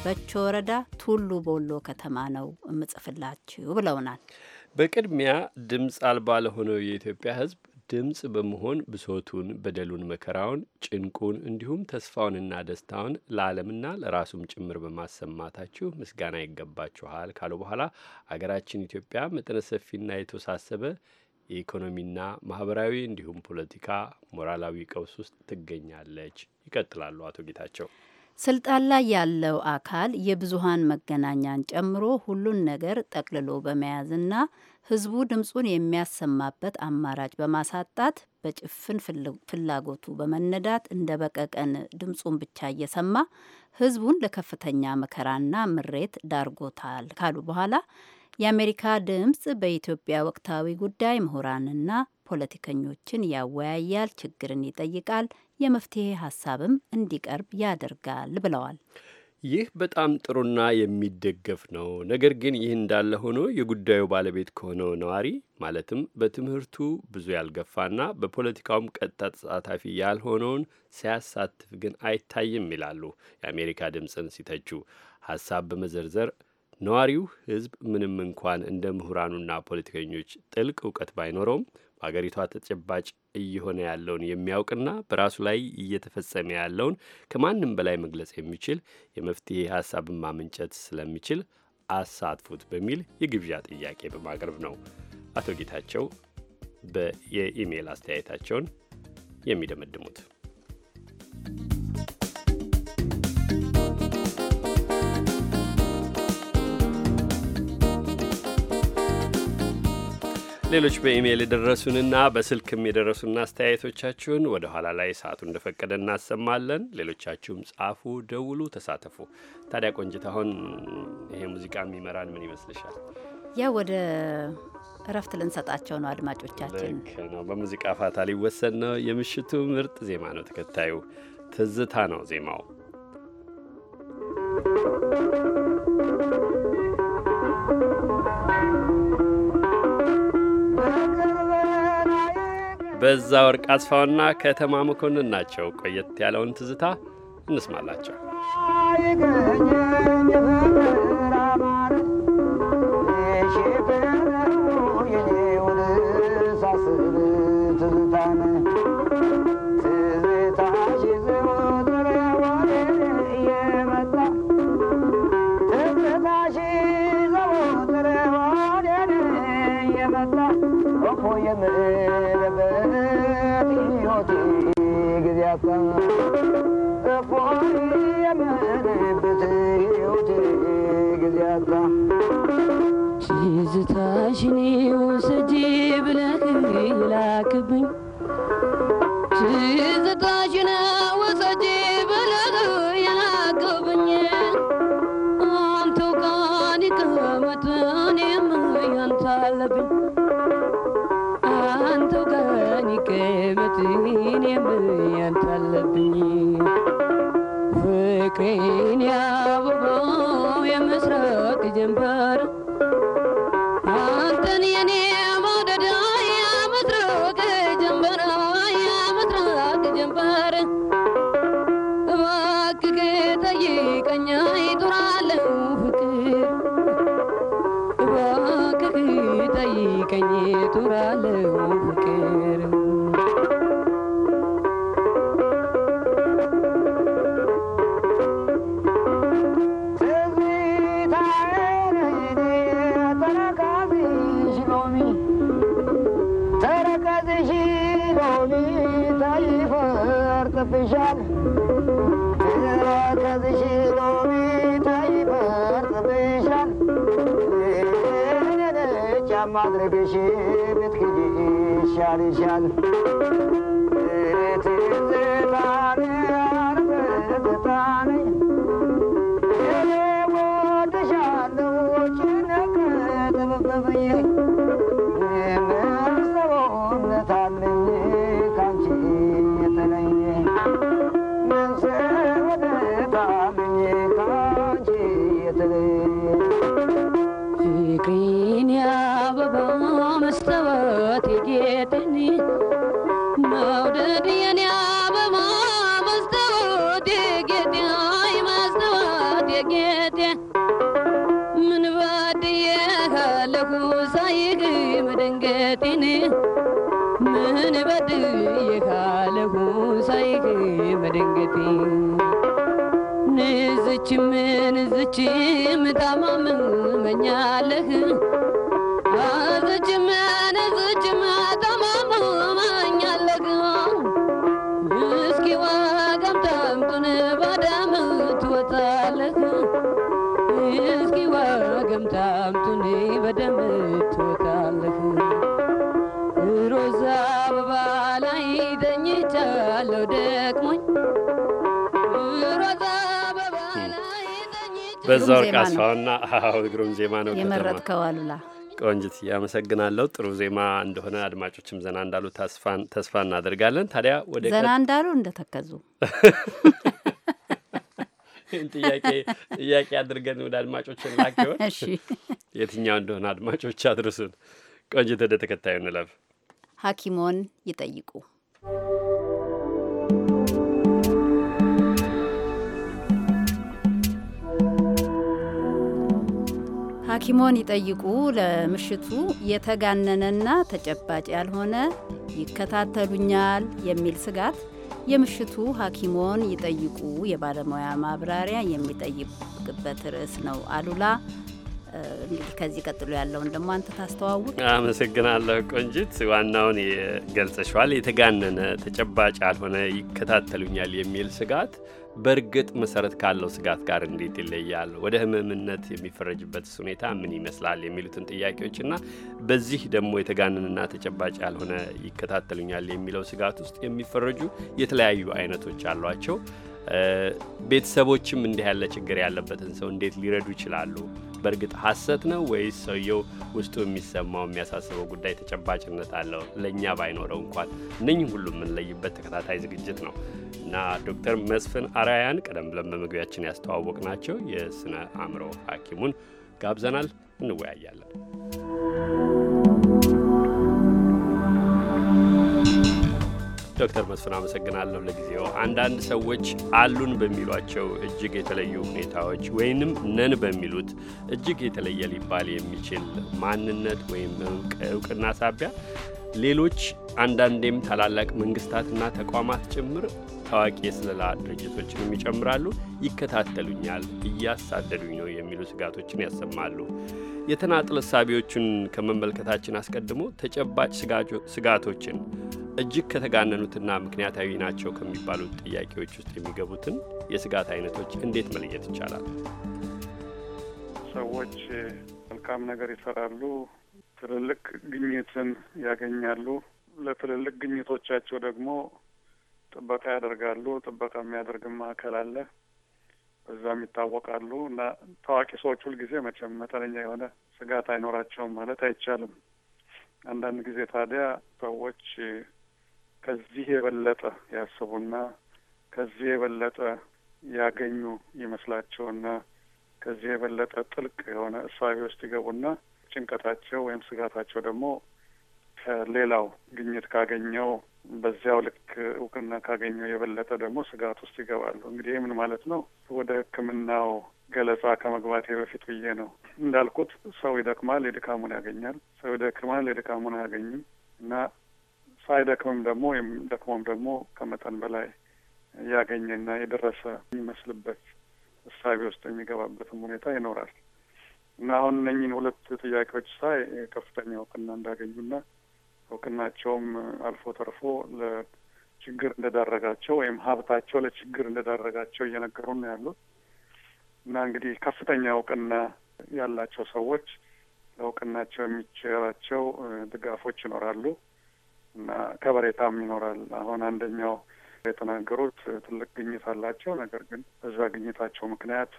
በቾ ወረዳ ቱሉ ቦሎ ከተማ ነው እምጽፍላችሁ ብለውናል። በቅድሚያ ድምፅ አልባ ለሆነው የኢትዮጵያ ሕዝብ ድምፅ በመሆን ብሶቱን፣ በደሉን፣ መከራውን፣ ጭንቁን እንዲሁም ተስፋውንና ደስታውን ለዓለምና ለራሱም ጭምር በማሰማታችሁ ምስጋና ይገባችኋል ካሉ በኋላ አገራችን ኢትዮጵያ መጠነ ሰፊና የተወሳሰበ የኢኮኖሚና ማህበራዊ እንዲሁም ፖለቲካ ሞራላዊ ቀውስ ውስጥ ትገኛለች ይቀጥላሉ አቶ ጌታቸው። ስልጣን ላይ ያለው አካል የብዙሀን መገናኛን ጨምሮ ሁሉን ነገር ጠቅልሎ በመያዝና ህዝቡ ድምፁን የሚያሰማበት አማራጭ በማሳጣት በጭፍን ፍላጎቱ በመነዳት እንደ በቀቀን ድምፁን ብቻ እየሰማ ህዝቡን ለከፍተኛ መከራና ምሬት ዳርጎታል ካሉ በኋላ የአሜሪካ ድምፅ በኢትዮጵያ ወቅታዊ ጉዳይ ምሁራንና ፖለቲከኞችን ያወያያል፣ ችግርን ይጠይቃል፣ የመፍትሄ ሀሳብም እንዲቀርብ ያደርጋል ብለዋል። ይህ በጣም ጥሩና የሚደገፍ ነው። ነገር ግን ይህ እንዳለ ሆኖ የጉዳዩ ባለቤት ከሆነው ነዋሪ ማለትም በትምህርቱ ብዙ ያልገፋና በፖለቲካውም ቀጥታ ተሳታፊ ያልሆነውን ሲያሳትፍ ግን አይታይም ይላሉ የአሜሪካ ድምፅን ሲተቹ ሀሳብ በመዘርዘር ነዋሪው ሕዝብ ምንም እንኳን እንደ ምሁራኑና ፖለቲከኞች ጥልቅ እውቀት ባይኖረውም በአገሪቷ ተጨባጭ እየሆነ ያለውን የሚያውቅና በራሱ ላይ እየተፈጸመ ያለውን ከማንም በላይ መግለጽ የሚችል የመፍትሄ ሀሳብን ማመንጨት ስለሚችል አሳትፉት በሚል የግብዣ ጥያቄ በማቅረብ ነው። አቶ ጌታቸው የኢሜይል አስተያየታቸውን የሚደመድሙት ሌሎች በኢሜይል የደረሱንና በስልክም የደረሱና አስተያየቶቻችሁን ወደ ኋላ ላይ ሰዓቱ እንደፈቀደ እናሰማለን። ሌሎቻችሁም ጻፉ፣ ደውሉ፣ ተሳተፉ። ታዲያ ቆንጅት፣ አሁን ይሄ ሙዚቃ የሚመራን ምን ይመስልሻል? ያው ወደ እረፍት ልንሰጣቸው ነው አድማጮቻችን። ነው። በሙዚቃ ፋታ ሊወሰን ነው። የምሽቱ ምርጥ ዜማ ነው ተከታዩ። ትዝታ ነው ዜማው። በዛ ወርቅ አስፋውና ከተማ መኮንን ናቸው። ቆየት ያለውን ትዝታ እንስማላቸው። ትዝታሽን ውሰጂ ብለህ ላክብኝ ትዝታሽን ውሰጂ ብለህ የላክብኝ አንተው ጋር ይቀመጥ እኔም ያንተ አለብኝ አንተው ጋር ይቀመጥ እኔም ያንተ አለብኝ ፍቅሬን ጀንበር بشير قده شعر شعر የካለሁ ሳይክ መደንገቴ ንዝችም ንዝችም ንዝችም በዛ ወርቅ አስፋውና ግሩም ዜማ ነው የመረጥከው አሉላ ቆንጅት ያመሰግናለሁ። ጥሩ ዜማ እንደሆነ አድማጮችም ዘና እንዳሉ ተስፋ እናደርጋለን። ታዲያ ወደ ዘና እንዳሉ እንደተከዙ ጥያቄ አድርገን ወደ አድማጮች ላኪሆን የትኛው እንደሆነ አድማጮች አድርሱን። ቆንጅት ወደ ተከታዩ እንለፍ። ሀኪሞን ይጠይቁ ሐኪሞን ይጠይቁ ለምሽቱ የተጋነነና ተጨባጭ ያልሆነ ይከታተሉኛል የሚል ስጋት የምሽቱ ሐኪሞን ይጠይቁ የባለሙያ ማብራሪያ የሚጠይቅበት ርዕስ ነው። አሉላ እንግዲህ ከዚህ ቀጥሎ ያለውን ደግሞ አንተ ታስተዋውቅ። አመሰግናለሁ ቆንጂት፣ ዋናውን ገልጸሽዋል። የተጋነነ ተጨባጭ ያልሆነ ይከታተሉኛል የሚል ስጋት በእርግጥ መሰረት ካለው ስጋት ጋር እንዴት ይለያል? ወደ ህመምነት የሚፈረጅበትስ ሁኔታ ምን ይመስላል? የሚሉትን ጥያቄዎችና በዚህ ደግሞ የተጋነንና ተጨባጭ ያልሆነ ይከታተሉኛል የሚለው ስጋት ውስጥ የሚፈረጁ የተለያዩ አይነቶች አሏቸው። ቤተሰቦችም እንዲህ ያለ ችግር ያለበትን ሰው እንዴት ሊረዱ ይችላሉ? በእርግጥ ሐሰት ነው ወይስ ሰውየው ውስጡ የሚሰማው የሚያሳስበው ጉዳይ ተጨባጭነት አለው? ለእኛ ባይኖረው እንኳን እነኝህ ሁሉ የምንለይበት ተከታታይ ዝግጅት ነው እና ዶክተር መስፍን አራያን ቀደም ብለን በመግቢያችን ያስተዋወቅ ናቸው የስነ አእምሮ ሐኪሙን ጋብዘናል። እንወያያለን። ዶክተር መስፍን አመሰግናለሁ ለጊዜው። አንዳንድ ሰዎች አሉን በሚሏቸው እጅግ የተለዩ ሁኔታዎች ወይንም ነን በሚሉት እጅግ የተለየ ሊባል የሚችል ማንነት ወይም እውቅና ሳቢያ ሌሎች አንዳንዴም ታላላቅ መንግስታትና ተቋማት ጭምር ታዋቂ የስለላ ድርጅቶችን ይጨምራሉ። ይከታተሉኛል፣ እያሳደዱኝ ነው የሚሉ ስጋቶችን ያሰማሉ። የተናጥል እሳቢዎቹን ከመመልከታችን አስቀድሞ ተጨባጭ ስጋቶችን እጅግ ከተጋነኑትና ምክንያታዊ ናቸው ከሚባሉት ጥያቄዎች ውስጥ የሚገቡትን የስጋት አይነቶች እንዴት መለየት ይቻላል? ሰዎች መልካም ነገር ይሰራሉ፣ ትልልቅ ግኝትን ያገኛሉ። ለትልልቅ ግኝቶቻቸው ደግሞ ጥበቃ ያደርጋሉ። ጥበቃ የሚያደርግም ማዕከል አለ፣ በዛም ይታወቃሉ። እና ታዋቂ ሰዎች ሁልጊዜ መቼም መጠነኛ የሆነ ስጋት አይኖራቸውም ማለት አይቻልም። አንዳንድ ጊዜ ታዲያ ሰዎች ከዚህ የበለጠ ያስቡና ከዚህ የበለጠ ያገኙ ይመስላቸውና ከዚህ የበለጠ ጥልቅ የሆነ እሳቤ ውስጥ ይገቡና ጭንቀታቸው ወይም ስጋታቸው ደግሞ ከሌላው ግኝት ካገኘው በዚያው ልክ እውቅና ካገኘው የበለጠ ደግሞ ስጋት ውስጥ ይገባሉ። እንግዲህ ምን ማለት ነው? ወደ ሕክምናው ገለጻ ከመግባቴ በፊት ብዬ ነው እንዳልኩት ሰው ይደክማል፣ የድካሙን ያገኛል። ሰው ይደክማል፣ የድካሙን አያገኝም እና ሳይደክምም ደግሞ ደክሞም ደግሞ ከመጠን በላይ ያገኘና የደረሰ የሚመስልበት እሳቤ ውስጥ የሚገባበትም ሁኔታ ይኖራል እና አሁን እነኝን ሁለት ጥያቄዎች ሳይ ከፍተኛ እውቅና እንዳገኙና እውቅናቸውም አልፎ ተርፎ ለችግር እንደዳረጋቸው ወይም ሀብታቸው ለችግር እንደዳረጋቸው እየነገሩ ነው ያሉት እና እንግዲህ ከፍተኛ እውቅና ያላቸው ሰዎች ለእውቅናቸው የሚቸራቸው ድጋፎች ይኖራሉ። እና ከበሬታም ይኖራል። አሁን አንደኛው የተናገሩት ትልቅ ግኝት አላቸው። ነገር ግን በዛ ግኝታቸው ምክንያት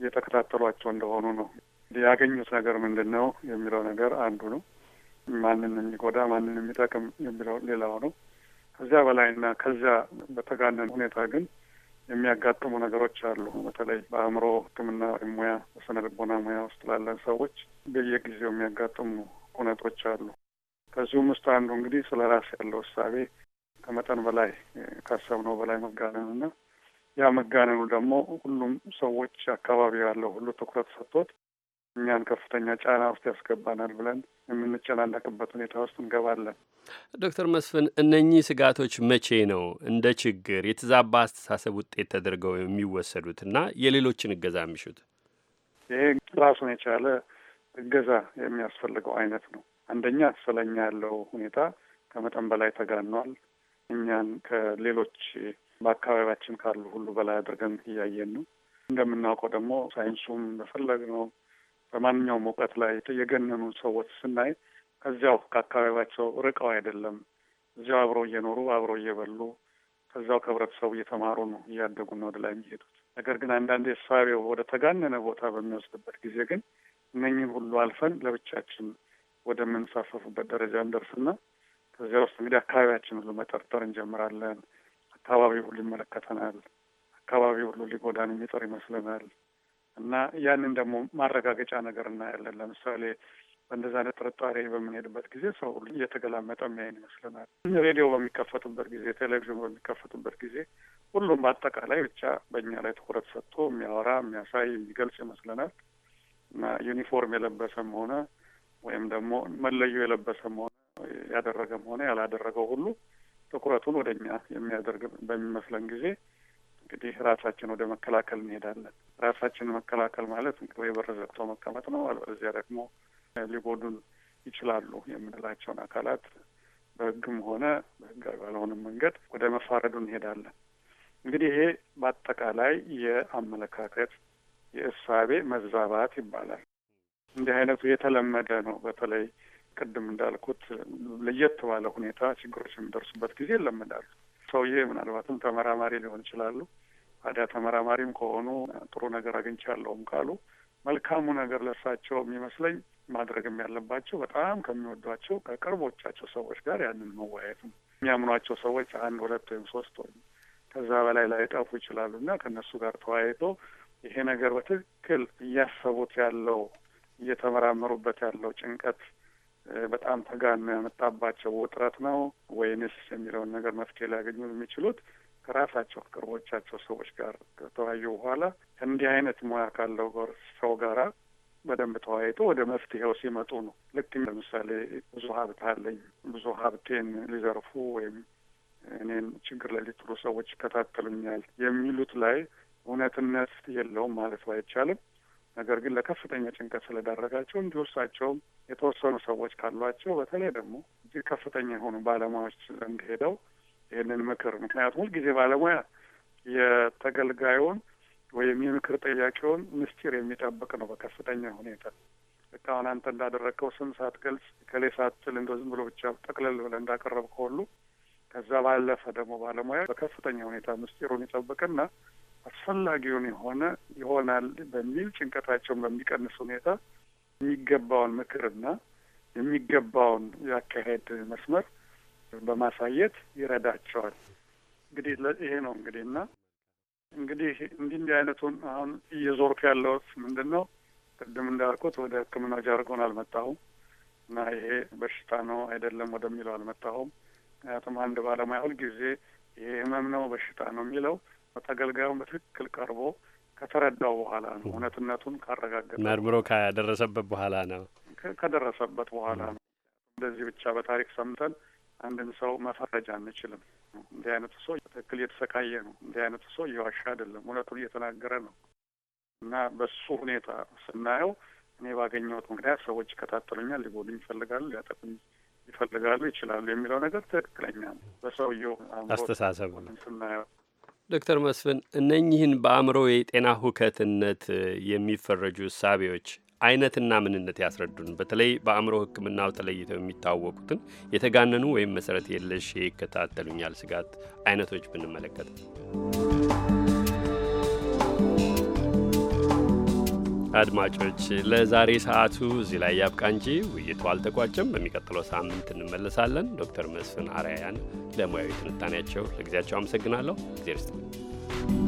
እየተከታተሏቸው እንደሆኑ ነው። ያገኙት ነገር ምንድን ነው የሚለው ነገር አንዱ ነው። ማንን የሚጎዳ ማንን የሚጠቅም የሚለው ሌላው ነው። ከዚያ በላይና ከዚያ በተጋነን ሁኔታ ግን የሚያጋጥሙ ነገሮች አሉ። በተለይ በአእምሮ ሕክምና ወይም ሙያ በስነ ልቦና ሙያ ውስጥ ላለን ሰዎች በየጊዜው የሚያጋጥሙ እውነቶች አሉ። ከዚሁም ውስጥ አንዱ እንግዲህ ስለ ራስ ያለው እሳቤ ከመጠን በላይ ካሰብነው በላይ መጋነንና ያ መጋነኑ ደግሞ ሁሉም ሰዎች አካባቢ ያለው ሁሉ ትኩረት ሰጥቶት እኛን ከፍተኛ ጫና ውስጥ ያስገባናል ብለን የምንጨናነቅበት ሁኔታ ውስጥ እንገባለን። ዶክተር መስፍን እነኚህ ስጋቶች መቼ ነው እንደ ችግር የተዛባ አስተሳሰብ ውጤት ተደርገው የሚወሰዱት እና የሌሎችን እገዛ የሚሹት? ይሄ ራሱን የቻለ እገዛ የሚያስፈልገው አይነት ነው። አንደኛ ስለኛ ያለው ሁኔታ ከመጠን በላይ ተጋኗል። እኛን ከሌሎች በአካባቢያችን ካሉ ሁሉ በላይ አድርገን እያየን ነው። እንደምናውቀው ደግሞ ሳይንሱም ነው በማንኛውም እውቀት ላይ የገነኑ ሰዎች ስናይ ከዚያው ከአካባቢያቸው ርቀው አይደለም፣ እዚያው አብረው እየኖሩ አብረው እየበሉ ከዚያው ከህብረተሰቡ እየተማሩ ነው እያደጉና ወደ ላይ የሚሄዱት። ነገር ግን አንዳንዴ እሳቤው ወደ ተጋነነ ቦታ በሚወስድበት ጊዜ ግን እነኝህን ሁሉ አልፈን ለብቻችን ወደምንሳፈፉበት ደረጃ እንደርስና ከዚያ ውስጥ እንግዲህ አካባቢያችን ሁሉ መጠርጠር እንጀምራለን። አካባቢ ሁሉ ይመለከተናል። አካባቢ ሁሉ ሊጎዳን የሚጥር ይመስለናል እና ያንን ደግሞ ማረጋገጫ ነገር እናያለን። ለምሳሌ በእንደዚ አይነት ጥርጣሬ በምንሄድበት ጊዜ ሰው ሁሉ እየተገላመጠ የሚያይን ይመስለናል። ሬዲዮ በሚከፈቱበት ጊዜ፣ ቴሌቪዥን በሚከፈቱበት ጊዜ ሁሉም በአጠቃላይ ብቻ በእኛ ላይ ትኩረት ሰጥቶ የሚያወራ የሚያሳይ፣ የሚገልጽ ይመስለናል እና ዩኒፎርም የለበሰም ሆነ ወይም ደግሞ መለዩ የለበሰም ሆነ ያደረገም ሆነ ያላደረገው ሁሉ ትኩረቱን ወደ እኛ የሚያደርግ በሚመስለን ጊዜ እንግዲህ ራሳችን ወደ መከላከል እንሄዳለን። ራሳችን መከላከል ማለት እንግዲህ ወይ በር ዘግቶ መቀመጥ ነው፣ አለበለዚያ ደግሞ ሊጎዱን ይችላሉ የምንላቸውን አካላት በህግም ሆነ በሕጋዊ ባልሆነም መንገድ ወደ መፋረዱ እንሄዳለን። እንግዲህ ይሄ በአጠቃላይ የአመለካከት የእሳቤ መዛባት ይባላል። እንዲህ አይነቱ የተለመደ ነው። በተለይ ቅድም እንዳልኩት ለየት ባለ ሁኔታ ችግሮች የሚደርሱበት ጊዜ ይለመዳሉ። ሰውዬ ምናልባትም ተመራማሪ ሊሆን ይችላሉ። ታዲያ ተመራማሪም ከሆኑ ጥሩ ነገር አግኝቻለሁም ካሉ መልካሙ ነገር ለእርሳቸው የሚመስለኝ ማድረግም ያለባቸው በጣም ከሚወዷቸው ከቅርቦቻቸው ሰዎች ጋር ያንን መወያየት ነው። የሚያምኗቸው ሰዎች አንድ ሁለት ወይም ሶስት ወይም ከዛ በላይ ላይጠፉ ይችላሉ እና ከእነሱ ጋር ተወያይቶ ይሄ ነገር በትክክል እያሰቡት ያለው እየተመራመሩበት ያለው ጭንቀት በጣም ተጋኖ ያመጣባቸው ውጥረት ነው ወይንስ የሚለውን ነገር መፍትሄ ሊያገኙ የሚችሉት ከራሳቸው ቅርቦቻቸው ሰዎች ጋር ከተወያዩ በኋላ እንዲህ አይነት ሙያ ካለው ሰው ጋራ በደንብ ተወያይቶ ወደ መፍትሄው ሲመጡ ነው። ልክ ለምሳሌ ብዙ ሀብት አለኝ፣ ብዙ ሀብቴን ሊዘርፉ ወይም እኔን ችግር ላይ ሰዎች ይከታተሉኛል የሚሉት ላይ እውነትነት የለውም ማለት አይቻልም። ነገር ግን ለከፍተኛ ጭንቀት ስለዳረጋቸው እንዲሁ እርሳቸውም የተወሰኑ ሰዎች ካሏቸው በተለይ ደግሞ እዚህ ከፍተኛ የሆኑ ባለሙያዎች ዘንድ ሄደው ይህንን ምክር ምክንያቱም ሁልጊዜ ባለሙያ የተገልጋዩን ወይም የምክር ጥያቄውን ምስጢር የሚጠብቅ ነው በከፍተኛ ሁኔታ ልክ አሁን አንተ እንዳደረግከው ስም ሳትገልጽ ከሌ ሳትል እንደ ዝም ብሎ ብቻ ጠቅለል ብለህ እንዳቀረብከው ሁሉ ከዛ ባለፈ ደግሞ ባለሙያ በከፍተኛ ሁኔታ ምስጢሩን ይጠብቅና አስፈላጊውን የሆነ ይሆናል በሚል ጭንቀታቸውን በሚቀንስ ሁኔታ የሚገባውን ምክርና የሚገባውን ያካሄድ መስመር በማሳየት ይረዳቸዋል። እንግዲህ ይሄ ነው እንግዲህ እና እንግዲህ እንዲህ እንዲህ አይነቱን አሁን እየዞርኩ ያለሁት ምንድን ነው ቅድም እንዳልኩት ወደ ሕክምና ጃርጎን አልመጣሁም እና ይሄ በሽታ ነው አይደለም ወደሚለው አልመጣሁም። ምክንያቱም አንድ ባለሙያ ሁልጊዜ ይሄ ህመም ነው በሽታ ነው የሚለው ተገልጋዩን በትክክል ቀርቦ ከተረዳው በኋላ ነው። እውነትነቱን ካረጋገጠ መርምሮ ከደረሰበት በኋላ ነው ከደረሰበት በኋላ ነው። እንደዚህ ብቻ በታሪክ ሰምተን አንድን ሰው መፈረጅ አንችልም። እንዲህ አይነቱ ሰው ትክክል እየተሰቃየ ነው። እንዲህ አይነቱ ሰው እየዋሻ አይደለም፣ እውነቱን እየተናገረ ነው። እና በሱ ሁኔታ ስናየው እኔ ባገኘሁት ምክንያት ሰዎች ይከታተሉኛል፣ ሊጎዱኝ ይፈልጋሉ፣ ሊያጠቁኝ ይፈልጋሉ ይችላሉ የሚለው ነገር ትክክለኛ ነው። በሰውየው አስተሳሰብ ስናየው ዶክተር መስፍን እነኚህን በአእምሮ የጤና ሁከትነት የሚፈረጁ እሳቤዎች አይነትና ምንነት ያስረዱን። በተለይ በአእምሮ ሕክምናው ተለይተው የሚታወቁትን የተጋነኑ ወይም መሰረት የለሽ የይከታተሉኛል ስጋት አይነቶች ብንመለከት አድማጮች ለዛሬ ሰዓቱ እዚህ ላይ ያብቃ እንጂ ውይይቱ አልተቋጨም። በሚቀጥለው ሳምንት እንመለሳለን። ዶክተር መስፍን አርያያን ለሙያዊ ትንታኔያቸው ለጊዜያቸው አመሰግናለሁ። እግዜር ይስጥልኝ።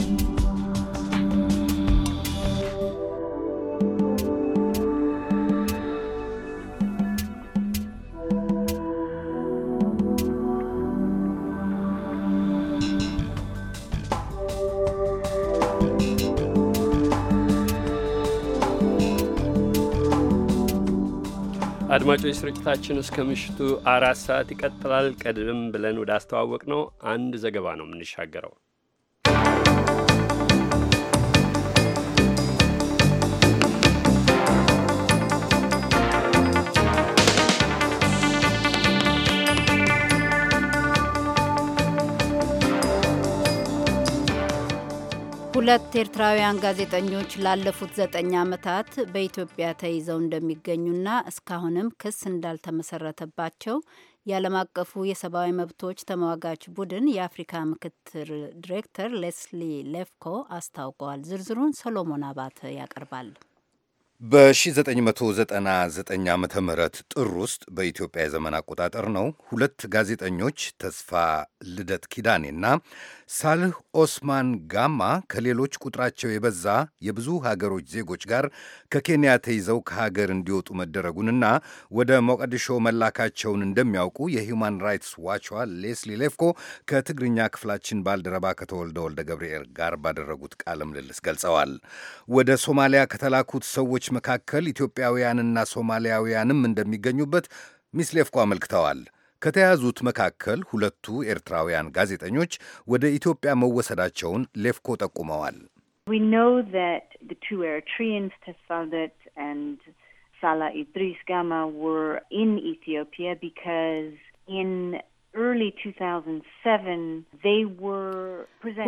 አድማጮች ስርጭታችን እስከ ምሽቱ አራት ሰዓት ይቀጥላል። ቀደም ብለን ወደ አስተዋወቅ ነው አንድ ዘገባ ነው የምንሻገረው። ሁለት ኤርትራውያን ጋዜጠኞች ላለፉት ዘጠኝ ዓመታት በኢትዮጵያ ተይዘው እንደሚገኙና እስካሁንም ክስ እንዳልተመሰረተባቸው የዓለም አቀፉ የሰብአዊ መብቶች ተሟጋች ቡድን የአፍሪካ ምክትል ዲሬክተር ሌስሊ ሌፍኮ አስታውቀዋል። ዝርዝሩን ሰሎሞን አባተ ያቀርባል። በ1999 ዓ ም ጥር ውስጥ በኢትዮጵያ የዘመን አቆጣጠር ነው። ሁለት ጋዜጠኞች ተስፋ ልደት ኪዳኔና ሳልህ ኦስማን ጋማ ከሌሎች ቁጥራቸው የበዛ የብዙ ሀገሮች ዜጎች ጋር ከኬንያ ተይዘው ከሀገር እንዲወጡ መደረጉንና ወደ ሞቃዲሾ መላካቸውን እንደሚያውቁ የሂውማን ራይትስ ዋቿ ሌስሊ ሌፍኮ ከትግርኛ ክፍላችን ባልደረባ ከተወልደ ወልደ ገብርኤል ጋር ባደረጉት ቃለ ምልልስ ገልጸዋል። ወደ ሶማሊያ ከተላኩት ሰዎች መካከል ኢትዮጵያውያንና ሶማሊያውያንም እንደሚገኙበት ሚስ ሌፍኮ አመልክተዋል። ከተያዙት መካከል ሁለቱ ኤርትራውያን ጋዜጠኞች ወደ ኢትዮጵያ መወሰዳቸውን ሌፍኮ ጠቁመዋል። ሳላ ኢድሪስ ጋማ ኢን ኢትዮጵያ ቢካዝ ኢን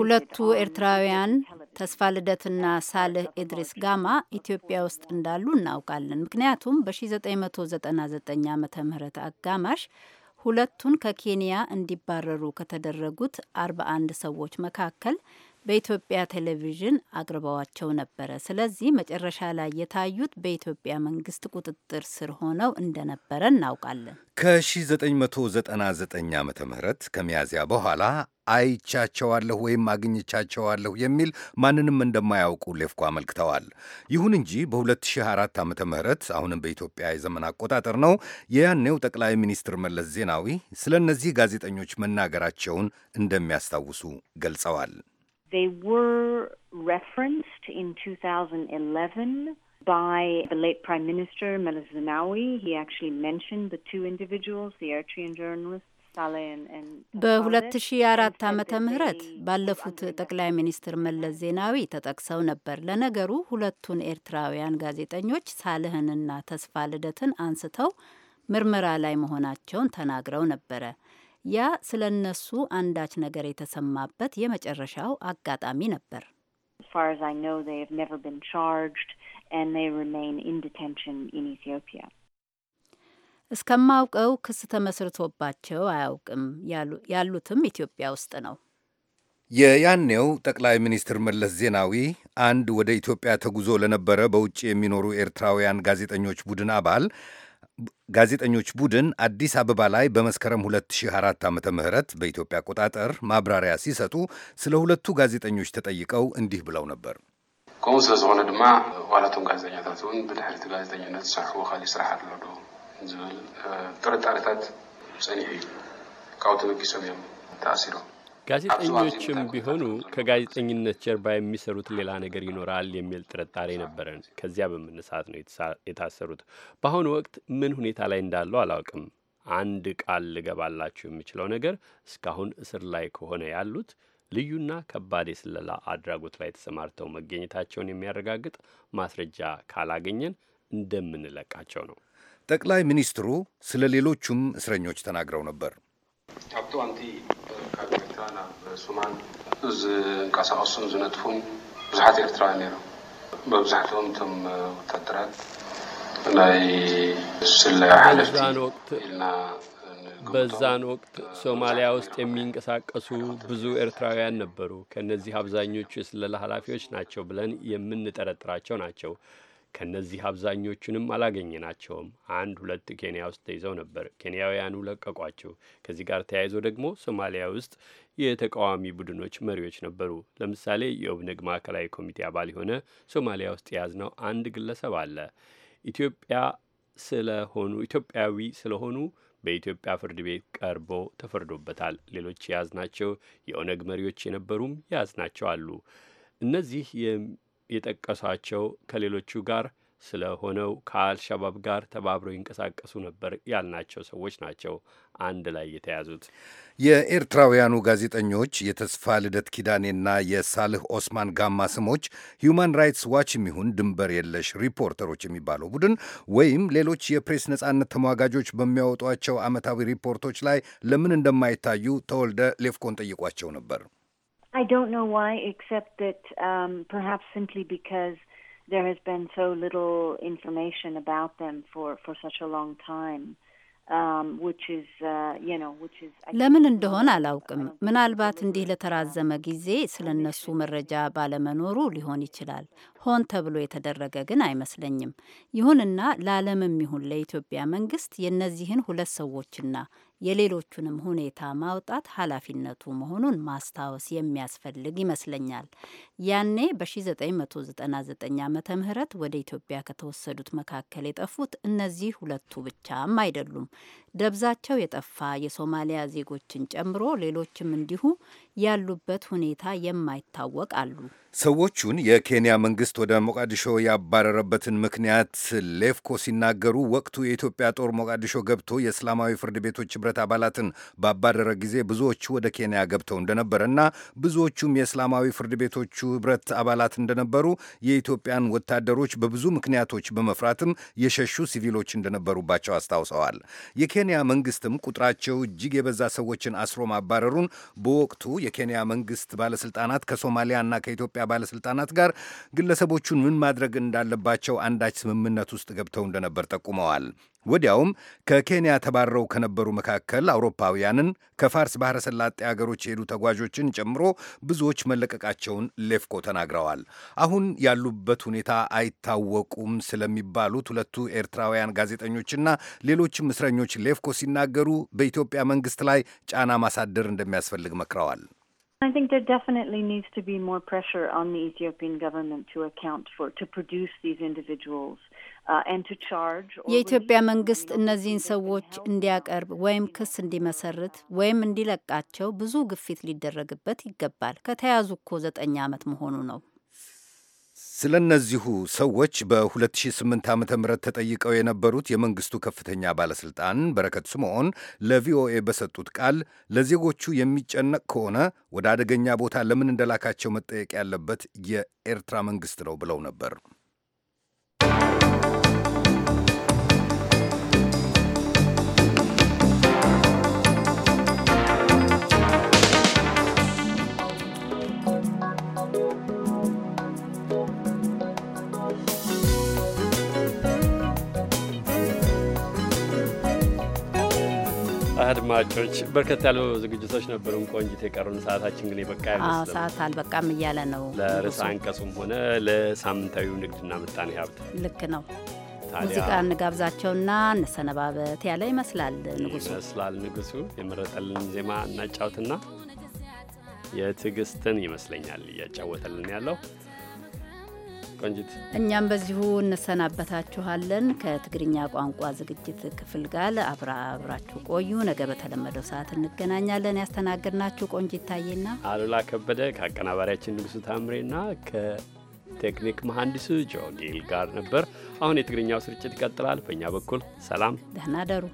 ሁለቱ ኤርትራውያን ተስፋ ልደትና ሳልህ ኢድሪስ ጋማ ኢትዮጵያ ውስጥ እንዳሉ እናውቃለን። ምክንያቱም በ1999 ዓመተ ምህረት አጋማሽ ሁለቱን ከኬንያ እንዲባረሩ ከተደረጉት 41 ሰዎች መካከል በኢትዮጵያ ቴሌቪዥን አቅርበዋቸው ነበረ። ስለዚህ መጨረሻ ላይ የታዩት በኢትዮጵያ መንግስት ቁጥጥር ስር ሆነው እንደነበረ እናውቃለን። ከ1999 ዓ ም ከሚያዝያ በኋላ አይቻቸዋለሁ ወይም አግኝቻቸዋለሁ የሚል ማንንም እንደማያውቁ ሌፍኮ አመልክተዋል። ይሁን እንጂ በ2004 ዓ ም አሁንም በኢትዮጵያ የዘመን አቆጣጠር ነው፣ የያኔው ጠቅላይ ሚኒስትር መለስ ዜናዊ ስለ እነዚህ ጋዜጠኞች መናገራቸውን እንደሚያስታውሱ ገልጸዋል። They were referenced in 2011 by the late Prime Minister Meles Zenawi. He actually mentioned the two individuals, the Eritrean journalists. በ2004 ዓመተ ምህረት ባለፉት ጠቅላይ ሚኒስትር መለስ ዜናዊ ተጠቅሰው ነበር። ለነገሩ ሁለቱን ኤርትራውያን ጋዜጠኞች ሳልህንና ተስፋ ልደትን አንስተው ምርመራ ላይ መሆናቸውን ተናግረው ነበረ። ያ ስለ እነሱ አንዳች ነገር የተሰማበት የመጨረሻው አጋጣሚ ነበር። እስከማውቀው ክስ ተመስርቶባቸው አያውቅም፣ ያሉትም ኢትዮጵያ ውስጥ ነው። የያኔው ጠቅላይ ሚኒስትር መለስ ዜናዊ አንድ ወደ ኢትዮጵያ ተጉዞ ለነበረ በውጭ የሚኖሩ ኤርትራውያን ጋዜጠኞች ቡድን አባል ጋዜጠኞች ቡድን አዲስ አበባ ላይ በመስከረም 2004 ዓ ም በኢትዮጵያ አቆጣጠር ማብራሪያ ሲሰጡ ስለ ሁለቱ ጋዜጠኞች ተጠይቀው እንዲህ ብለው ነበር። ከምኡ ስለ ዝኾነ ድማ ዋላቶም ጋዜጠኛታት እውን ብድሕሪቲ ጋዜጠኝነት ዝሰርሕዎ ካሊእ ስራሕ ኣሎ ዶ ዝብል ጥርጣሬታት ፀኒሑ እዩ ካብኡ ተበጊሶም እዮም ተኣሲሮም ጋዜጠኞችም ቢሆኑ ከጋዜጠኝነት ጀርባ የሚሰሩት ሌላ ነገር ይኖራል የሚል ጥርጣሬ ነበረን። ከዚያ በመነሳት ነው የታሰሩት። በአሁኑ ወቅት ምን ሁኔታ ላይ እንዳለው አላውቅም። አንድ ቃል ልገባላችሁ የምችለው ነገር እስካሁን እስር ላይ ከሆነ ያሉት ልዩና ከባድ የስለላ አድራጎት ላይ ተሰማርተው መገኘታቸውን የሚያረጋግጥ ማስረጃ ካላገኘን እንደምንለቃቸው ነው። ጠቅላይ ሚኒስትሩ ስለ ሌሎቹም እስረኞች ተናግረው ነበር። ካብ ኤርትራ ናብ ሱማን ዝንቀሳቀሱን ዝነጥፉን ብዙሓት ኤርትራ ነይሮም መብዛሕትኦም እቶም ወታደራት ናይ ስለ ሓለፍቲ ኢልና በዛን ወቅት ሶማሊያ ውስጥ የሚንቀሳቀሱ ብዙ ኤርትራውያን ነበሩ። ከእነዚህ አብዛኞቹ የስለላ ኃላፊዎች ናቸው ብለን የምንጠረጥራቸው ናቸው። ከእነዚህ አብዛኞቹንም አላገኘናቸውም። አንድ ሁለት ኬንያ ውስጥ ተይዘው ነበር፣ ኬንያውያኑ ለቀቋቸው። ከዚህ ጋር ተያይዞ ደግሞ ሶማሊያ ውስጥ የተቃዋሚ ቡድኖች መሪዎች ነበሩ። ለምሳሌ የኦብነግ ማዕከላዊ ኮሚቴ አባል የሆነ ሶማሊያ ውስጥ የያዝነው አንድ ግለሰብ አለ። ኢትዮጵያ ስለሆኑ ኢትዮጵያዊ ስለሆኑ በኢትዮጵያ ፍርድ ቤት ቀርቦ ተፈርዶበታል። ሌሎች የያዝናቸው የኦነግ መሪዎች የነበሩም የያዝናቸው አሉ። እነዚህ የጠቀሷቸው ከሌሎቹ ጋር ስለ ሆነው ጋር ተባብረው ይንቀሳቀሱ ነበር ያልናቸው ሰዎች ናቸው አንድ ላይ የተያዙት። የኤርትራውያኑ ጋዜጠኞች የተስፋ ልደት ኪዳኔና የሳልህ ኦስማን ጋማ ስሞች ሂዩማን ራይትስ ዋች የሚሆን ድንበር የለሽ ሪፖርተሮች የሚባለው ቡድን ወይም ሌሎች የፕሬስ ነጻነት ተሟጋጆች በሚያወጧቸው ዓመታዊ ሪፖርቶች ላይ ለምን እንደማይታዩ ተወልደ ሌፍኮን ጠይቋቸው ነበር። I don't know why, except that um, perhaps simply because there has been so little information about them for, for such a long time. Um, uh, ለምን እንደሆን አላውቅም። ምናልባት እንዲህ uh, ለተራዘመ ጊዜ ስለ እነሱ መረጃ ባለመኖሩ ሊሆን ይችላል። ሆን ተብሎ የተደረገ ግን አይመስለኝም። ይሁንና ለዓለምም ይሁን ለኢትዮጵያ መንግስት የእነዚህን ሁለት ሰዎችና የሌሎቹንም ሁኔታ ማውጣት ኃላፊነቱ መሆኑን ማስታወስ የሚያስፈልግ ይመስለኛል። ያኔ በ1999 ዓ ም ወደ ኢትዮጵያ ከተወሰዱት መካከል የጠፉት እነዚህ ሁለቱ ብቻም አይደሉም። ደብዛቸው የጠፋ የሶማሊያ ዜጎችን ጨምሮ ሌሎችም እንዲሁ ያሉበት ሁኔታ የማይታወቅ አሉ። ሰዎቹን የኬንያ መንግስት ወደ ሞቃዲሾ ያባረረበትን ምክንያት ሌፍኮ ሲናገሩ ወቅቱ የኢትዮጵያ ጦር ሞቃዲሾ ገብቶ የእስላማዊ ፍርድ ቤቶች ህብረት አባላትን ባባረረ ጊዜ ብዙዎቹ ወደ ኬንያ ገብተው እንደነበረ እና ብዙዎቹም የእስላማዊ ፍርድ ቤቶቹ ህብረት አባላት እንደነበሩ የኢትዮጵያን ወታደሮች በብዙ ምክንያቶች በመፍራትም የሸሹ ሲቪሎች እንደነበሩባቸው አስታውሰዋል። የኬንያ መንግስትም ቁጥራቸው እጅግ የበዛ ሰዎችን አስሮ ማባረሩን በወቅቱ የኬንያ መንግስት ባለስልጣናት ከሶማሊያና ከኢትዮጵያ ባለስልጣናት ጋር ግለሰቦቹን ምን ማድረግ እንዳለባቸው አንዳች ስምምነት ውስጥ ገብተው እንደነበር ጠቁመዋል። ወዲያውም ከኬንያ ተባረው ከነበሩ መካከል አውሮፓውያንን ከፋርስ ባሕረ ሰላጤ አገሮች የሄዱ ተጓዦችን ጨምሮ ብዙዎች መለቀቃቸውን ሌፍኮ ተናግረዋል። አሁን ያሉበት ሁኔታ አይታወቁም ስለሚባሉት ሁለቱ ኤርትራውያን ጋዜጠኞችና ሌሎችም እስረኞች ሌፍኮ ሲናገሩ በኢትዮጵያ መንግስት ላይ ጫና ማሳደር እንደሚያስፈልግ መክረዋል። I think there definitely needs to be more pressure on the Ethiopian government to account for, to produce these individuals. Uh, የኢትዮጵያ መንግስት እነዚህን ሰዎች እንዲያቀርብ ወይም ክስ እንዲመሰርት ወይም እንዲለቃቸው ብዙ ግፊት ሊደረግበት ይገባል። ከተያዙ እኮ ዘጠኝ ዓመት መሆኑ ነው። ስለ እነዚሁ ሰዎች በ2008 ዓ ም ተጠይቀው የነበሩት የመንግስቱ ከፍተኛ ባለሥልጣን በረከት ስምዖን ለቪኦኤ በሰጡት ቃል ለዜጎቹ የሚጨነቅ ከሆነ ወደ አደገኛ ቦታ ለምን እንደላካቸው መጠየቅ ያለበት የኤርትራ መንግስት ነው ብለው ነበር። አድማጮች በርከት ያሉ ዝግጅቶች ነበሩን። ቆንጅት የቀሩን ሰዓታችን ግን የበቃ ሰዓት አልበቃም እያለ ነው። ለርዕሰ አንቀጹም ሆነ ለሳምንታዊው ንግድና ምጣኔ ሀብት ልክ ነው። ሙዚቃ እንጋብዛቸውና እንሰነባበት ያለ ይመስላል። ንጉሱ ይመስላል ንጉሱ የመረጠልን ዜማ እናጫውትና የትዕግስትን ይመስለኛል እያጫወተልን ያለው ቆንጂት። እኛም በዚሁ እንሰናበታችኋለን። ከትግርኛ ቋንቋ ዝግጅት ክፍል ጋር አብራ አብራችሁ ቆዩ። ነገ በተለመደው ሰዓት እንገናኛለን። ያስተናገድናችሁ ቆንጂት ታዬና አሉላ ከበደ ከአቀናባሪያችን ንጉሱ ታምሬና ከቴክኒክ መሐንዲሱ ጆጌል ጋር ነበር። አሁን የትግርኛው ስርጭት ይቀጥላል። በእኛ በኩል ሰላም፣ ደህና ደሩ።